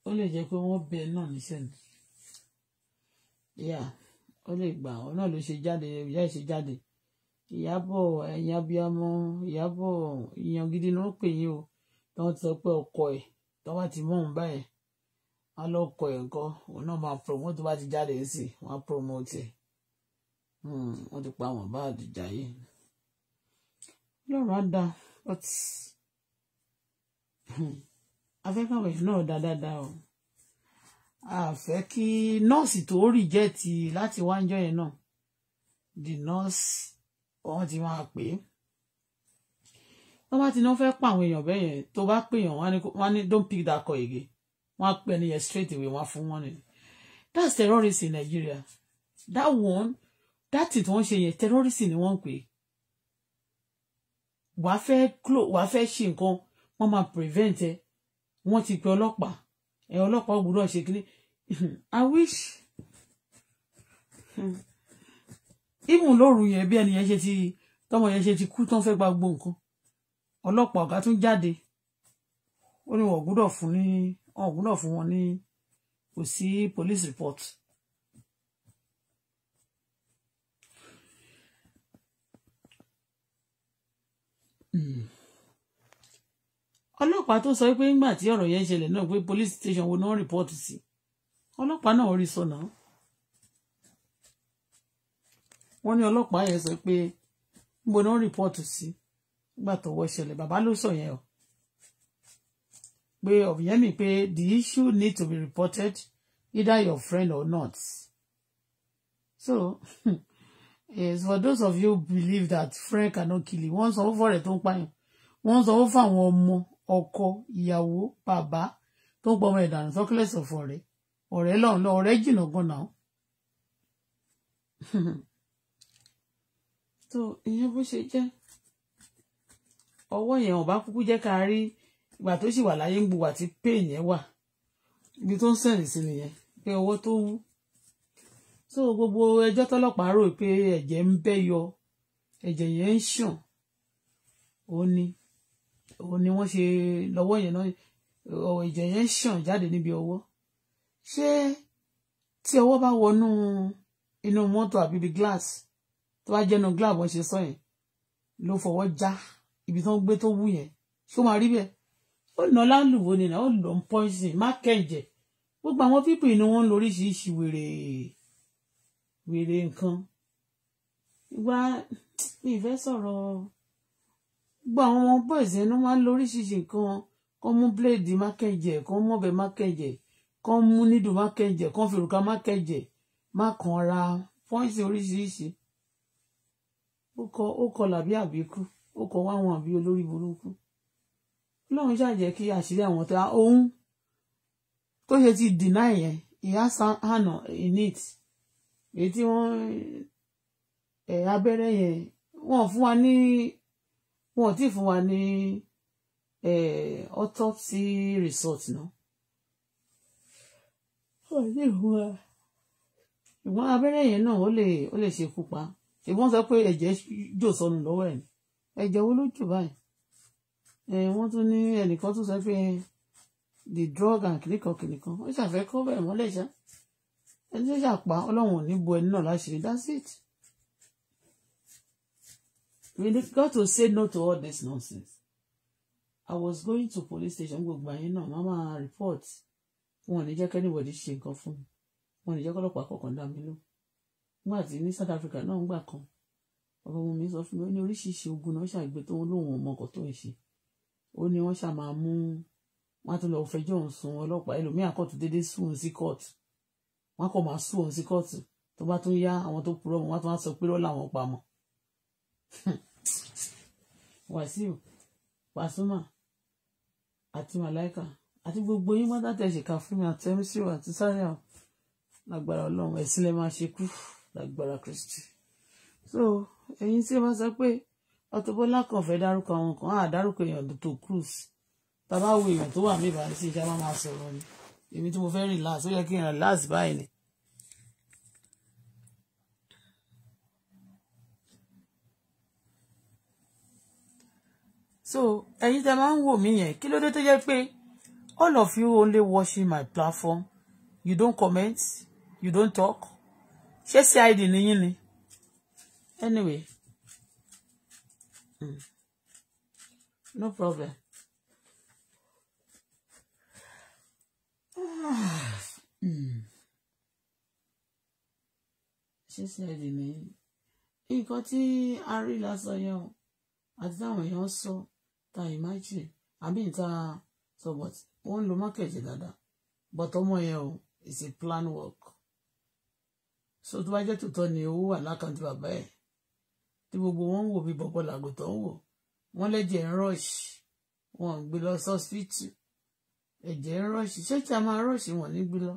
ó lè jẹ́ pé wọ́n bẹ náà nísìnyí yà ó lè gbà ọ náà ló ṣe jáde ìyá ìṣe jáde ìyábọ̀ ẹ̀yin abiyamọ ìyábọ̀ ìyàn gidi ni wọ́n pè yín o tí wọ́n ti sọ pé ọkọ ẹ̀ tí wọ́n bá ti mọ òun báyìí wọ́n lọ kọ ẹ̀ nǹkan òun náà máa promote tó bá ti jáde sí wọ́n á promote ẹ̀ hmm, wọ́n ti pa àwọn bá àdìjà yìí lọ́rọ̀ á da but hmm, afẹ́kàwé náà dáadáa o a fẹ́ kí nọ́ọ̀sì tó rìjẹ́ẹ̀tì láti wá ń jọ yẹn náà the nurse wọ́n ti máa pè é wọ́n bá ti ní wọ́n fẹ́ pa àwọn èèyàn bẹ́ẹ̀ yẹn tó bá pè yàn wọ́n ní don't pick that call again wọ́n á pè ẹni yẹn straight away wọ́n á fún wọn nìyẹn that's terrorism in Nigeria that one that thing tí wọ́n ṣe yẹn terrorism ni wọ́n ń pè é wàá fẹ́ wàá fẹ́ ṣe nǹkan wọ́n máa prevent ẹ wọ́n ti pe ọlọ́pàá ẹ ọlọ́pàá gbọ́dọ̀ ṣe kíní i wish hmm, even lóru yẹn bí ẹni yẹn ṣe ti tọmọ yẹn ṣe ti kú tán fẹ́ gba gbogbo nǹkan ọlọ́pàá ọ̀gá tún jáde ó ní wọ́n gbọ́dọ̀ fún ní wọ́n gbọ́dọ̀ fún wọn ní kò sí police report ọlọ́pàá tó sọ pé ńgbà tí ọ̀rọ̀ yẹn ṣẹlẹ̀ náà pé police station wo ni wọ́n rìpọ́ọ̀tù sí ọlọ́pàá náà rí sọ náà wọ́n ní ọlọ́pàá yẹn sọ pé níbo ni wọ́n rìpọ́ọ̀tù sí nígbà tọ́wọ́ ṣẹlẹ̀ bàbá ló sọ yẹn o pé ọ̀bìyẹ́mì pé the issue need to be reported either your friend or not so yes for those of you who believe that friend cannot kill you wọ́n sanwó fọ̀rẹ́ tó ń pààyàn wọ́n sanwó fáwọn ọmọ ọkọ ìyàwó bàbá tó ń pọmọ ìdànù sọkílẹsọ fọ̀rẹ́ ọ̀rẹ́ lọrun lọ ọ̀rẹ́ jìnnà ganan tó ìyẹn bó ṣe jẹ́ ọwọ́ yẹn ọba kúkú jẹ́ ká rí ìgbà tó sì wà láyé ń bu wà tí pain yẹn wà ibi tó ń sẹ̀rìn sí nìyẹn pé ọwọ́ tó wú so gbogbo ẹjọ́ tọ́lọ́pàá rò pé ẹ̀jẹ̀ ń bẹ́ yọ ẹ̀jẹ̀ yẹn ń ṣàn òun ni òun ni wọ́n ṣe lọ́wọ́ yẹn náà ẹ̀jẹ̀ yẹn ń ṣàn jáde níbi ọwọ́ ṣé tí ọwọ́ bá wọnú inú mọ́tò àbí ibi glass tó bá jẹ́nu glass wọ́n ṣe sọ yẹn ló fọwọ́ já ibi tó ń gbé tó wú yẹn ṣó máa rí bẹ́ẹ̀ ó nà lálùwò nìyẹn ó lọ ń pọ́ńsìn má kẹ́ǹjẹ̀ gbogbo àwọn pípì ni wọ́n ń lo wèrè wèrè nǹkan ìwà mi ìfẹ́ sọ̀rọ̀ gbogbo àwọn ọmọ boys yẹn ló máa ń lóríṣiríṣi nǹkan kọ́ mú bíléèdì mákẹ́jẹ̀ kọ́ mú ọ̀bẹ mákẹ́jẹ̀ kọ́ mú nídùú mákẹ́jẹ̀ kọ́ fi òrùka mákẹ́jẹ̀ má kàn ra pọ́ìsì oríṣiríṣi ó kọ ó kọ làbí àbíkú ó kọ wá àwọn àbí olórí burúkú ọlọ́run ṣàjẹ́ kí àṣírí àwọn tó ohun tó ṣe ti dìnnà yẹn ìyá hànà in it èyí tí wọ́n ẹ̀ abẹ́rẹ́ yẹn wọ́n fún wa ní wọ́n ti fún wa ní ẹ̀ autopsy result náà. wọ́n ti fún wa ṣùgbọ́n abẹ́rẹ́ yẹn náà ó lè ó lè ṣekú pa ṣùgbọ́n sọ pé ẹ̀jẹ̀ jò sọnù lọ́wọ́ ẹ̀ ẹ̀jẹ̀ wo ló jù báyìí ẹ̀ wọ́n tún ní ẹnìkan tún sọ pé the drug and kìnìkan kìnìkan ó ṣàfẹ́ kọ́ bẹ́ẹ̀ mọ́lẹ̀ ṣáá ẹni tó ṣàpá ọlọ́run ní bo ẹni náà láṣìírí that's it we got to say no to all this nonsense i was going to police station gbogbo àyè náà màmá report wọn ò ní jẹ́ kẹ́nìwọ̀dì ṣe nǹkan fún mi wọn ò ní jẹ́ kọ́lọ́pàá kọ̀ọ̀kan dá mi ló nígbà tí ní south africa náà ń gbà kan ọba ọmọ mi sọ fún mi ó ní oríṣiríṣi ogun náà ṣàgbé tó ń lóun ọmọ ọkọ tó ń ṣe ó ní wọ́n ṣàmà mú wọn á tún lọ fẹjọ́ òun sun ọlọ́pàá ẹlòmíà kóòtù déédéé sùn sí kóòtù wọn kò máa sùn ọ sí kóòtù tó bá tún yá àwọn tó purọ́ mọ́ wọn tún wá sọ pé rọlà wọn pa mọ́ Wàsíù Pasuma àti Màláìka àti gbogbo yín mọ́tà tẹ̀síkà fún mi àti mc àti sáyà lágbára Ọlọ́run ẹ̀sìn lè máa ṣe kú lágbára Kristi so ẹ̀yin tí wọ́n sọ pé Auto Bola kàn fẹ́ dárúkọ àwọn kan á dárúkọ èèyàn tó cruise tàbá wo èèyàn tó wà níbàá sí ìjà máa sọ̀rọ̀ ni èmi tí mo fẹ́ relax ó yẹ kí n relax báyìí ni. so ẹ̀yin tẹ́ máa ń wò mí yẹn kí ló dé tó jẹ́ pé all of you only watching my platform you don't comment you don't talk ṣé cid níyìn ni anyway mm. no problem. ṣíṣe ẹ̀dì ní nǹkan tí a rí lásọ yẹn o àti táwọn èèyàn sọ ta ìmájì àbí ìta sọ but wọ́n ń lo mákẹ́jì dáadáa but ọmọ yẹn o it's a plan work so tó bá jẹ́ tòótọ́ ni owó wà lákàntì bàbá ẹ̀ tí gbogbo wọn ń wò bí bọ́bọ́ làgùtàn ń wò wọ́n lẹ́jẹ̀ ń rush wọn ò gbé lọ sọ́sítì. So ẹ̀jẹ̀ ń rọ́ọ̀ṣì ṣé tí a máa rọ́ọ̀ṣì wọ̀n nígbí lọ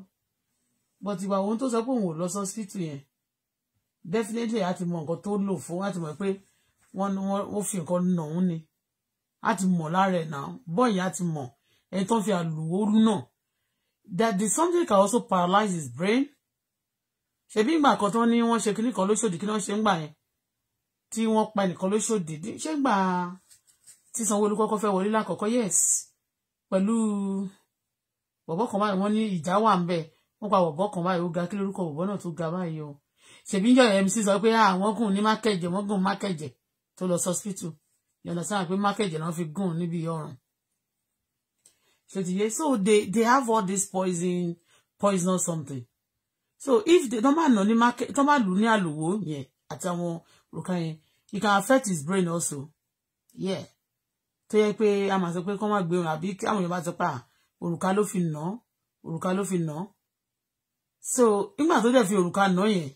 but ìwà òun tó sọ pé òun ò lọ sọ síkìtù yẹn definitely a ti mọ nǹkan tó lò fún a ti mọ̀ pé wọ́n wọ́n fi nǹkan nà òun ni a ti mọ̀ lára ẹ̀ náà bọ́ọ̀yì a ti mọ̀ ẹni tó ń fi àlùwórú náà that the something can also paralyze his brain ṣebí ìgbà kan tó ní wọ́n ṣe kíní kan lóṣòdì kí wọ́n ṣe ń gbà yẹn tí wọ́n pa nìkan lóṣòdì ṣé gbà tí Sanwó-Olú kọ́kọ́ fẹ́ wọlé lákọ̀ọ́kọ́ yes pẹ̀lú. Pẹ̀lú bọ̀bọ̀ kan báyìí wọ́n ní ìjà wà ń bẹ̀ wọ́n pa bọ̀bọ̀ kan báyìí ó ga kí lórúkọ bọ̀bọ̀ náà tó ga báyìí o ṣèbí yọ mc sọ pé àwọn gùn ní mákẹ́jẹ wọ́n gùn mákẹ́jẹ tó lọ sọ́spítù yọ̀nà sáà pé mákẹ́jẹ náà fi gùn níbi ọrùn so they they have all this poison poison or something so if they tọ́ máa nà ní mákẹ́ tọ́ máa lù ní àlùwò yẹn àti àwọn òrùka yẹn it can affect his brain also yeah tó yẹ pé a máa sọ pé kọ́ máa gbé òun àbí àwọn èèyàn bá ti pa á òrùka ló fi nà òrùka ló fi nà so nígbà tó dẹ̀ fi òrùka nà yẹn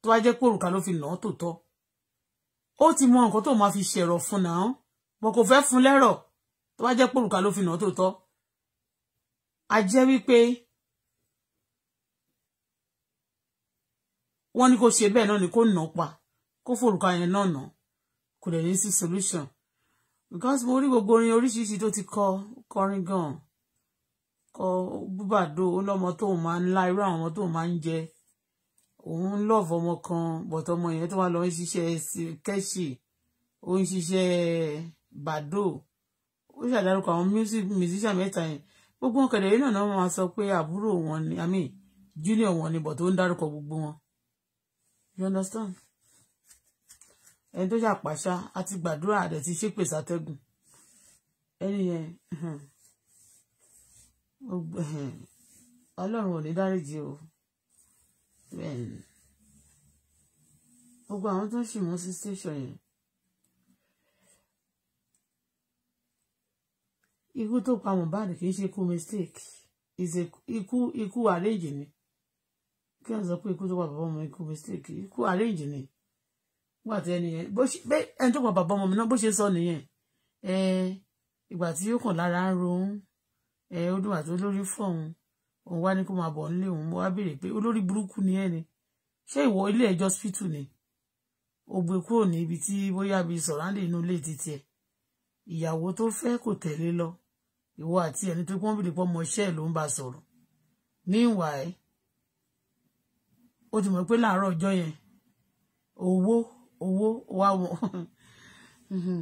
tó wá jẹ́ pé òrùka ló fi nà tòótọ́ ó ti mọ nǹkan tó máa fi ṣẹ̀rọ fún náà wọn kò fẹ́ fún lẹ́rọ̀ tó wá jẹ́ pé òrùka ló fi nà tòótọ́ a jẹ́ wípé wọ́n ní kó ṣe bẹ́ẹ̀ náà ni kó nà pa kó fòrùka yẹn náà nà kò dẹ̀ ní sí solution because mo rí gbogbo orin oríṣiríṣi tó ti kọ kọrin gan-an búbàdó ó lọ́mọ tóun máa ń lá irú àwọn ọmọ tóun máa ń jẹ òun lọ́ọ̀fù ọmọ kan bọ̀tọ̀ ọmọ yẹn tó wà lọ ń ṣiṣẹ́ kẹ́ṣì ó ń ṣiṣẹ́ bàdó ó ṣàdárúkọ àwọn musician mẹ́ta yẹn gbogbo wọn kẹ̀dẹ̀ yìí náà máa sọ pé àbúrò wọn ni i junior wọn ni bọ̀tọ̀ ó ń dárúkọ gbogbo wọn you understand ẹni tó ṣàpàṣà àti gbàdúrà àdẹ̀ ti ṣépè sátẹ́gùn ẹni yẹn hmm ọlọ́run ò ní dáríjì o bẹ́ẹ̀ ni gbogbo àwọn tó ṣì mú sí station yẹn ikú tó pa Mohbad kì í ṣe ikú mistake ikú ikú arrange ni kí wọ́n sọ pé ikú tó pa bàbá ọmọ ikú mistake ikú arrange ni wà tí ẹni yẹn bó ṣe bẹ́ẹ̀ ẹni tó pa bàbá ọmọ mi náà bó ṣe sọ nìyẹn ẹ ìgbà tí ó kàn lára ń ronú ẹ ọdún àti olórí fọhùn òun wá ní kó máa bọ̀ nílé òun mo wá béèrè pé olórí burúkú ni ẹ ni ṣé ìwọ ilé ẹjọ́ spítù ni ó gbé e kúrò ní ibi tí bóyá bíi sọ̀ráǹdì inú ilé títí ẹ ìyàwó tó fẹ́ kò tẹ̀lé lọ ìwọ àti ẹni tó pọ́n bìrì pọ́ mọ iṣẹ́ ẹ̀ ló ń bá sọ̀rọ̀ meanwhile ó ti mọ̀ pé láàárọ̀ ọjọ́ yẹn owó owó wá wọn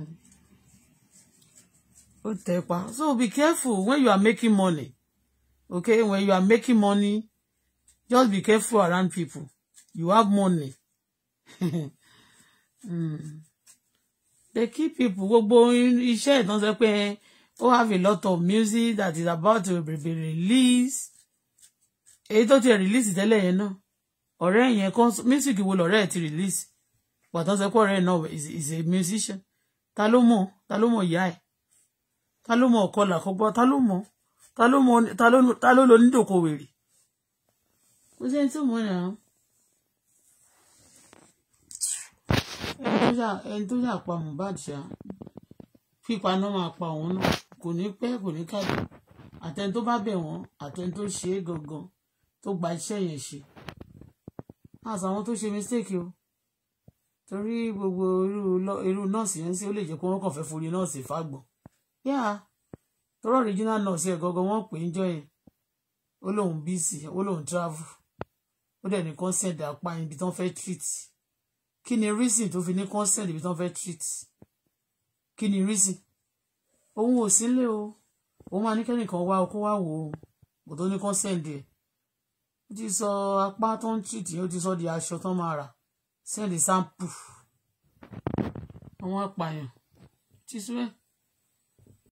so be careful when you are making money okay when you are making money just be careful around people you have money mm. they keep people gbogbo iṣẹ́ ìtàn sọ pé ó have a lot of music that is about to be released èyí tó ti release tẹ́lẹ̀ yẹn náà ọ̀rẹ́ yẹn kan music will already ẹ̀ ti release pàtó sẹ́kọ̀ ọ̀rẹ́ náà is a musician Talomo, Talomo mọ̀ ta ló mọ ọkọ là kó gbọ́ ta ló mọ ta ló mọ ta ló lo nídòkó wèrè kò sẹ́ni tó mọ̀ náà ẹni tó yà pa Mohbad ṣá pípa náà máa pa òun náà kò ní pẹ́ kò ní kàdé àtẹni tó bá bẹ̀ wọ́n àtẹni tó ṣe é gangan tó gba iṣẹ́ yẹn ṣe àtàwọn tó ṣe mistake o torí gbogbo irú nọ́ọ̀sì yẹn sí ó lè jẹ́ pé wọ́n kàn fẹ́ forí nọ́ọ̀sì fágbọ̀n yeah tọrọ original nurse ẹ gọgọ wọn pè ń jọ yẹn ó lóun busy ó lóun travel ó dẹ̀ ní consent apá ibi tán fẹ́ treat kí ni reason tó fi ní consent ibi tán fẹ́ treat kí ni reason òun ò sílé o òun máa ní kẹ́nìkan wá o kó wá wò ó kò tó ní consent ẹ̀ ó ti sọ apá tó ń treat yẹn ó ti sọ di aṣọ tán máa rà send sample àwọn apààyàn ti sún ẹ̀.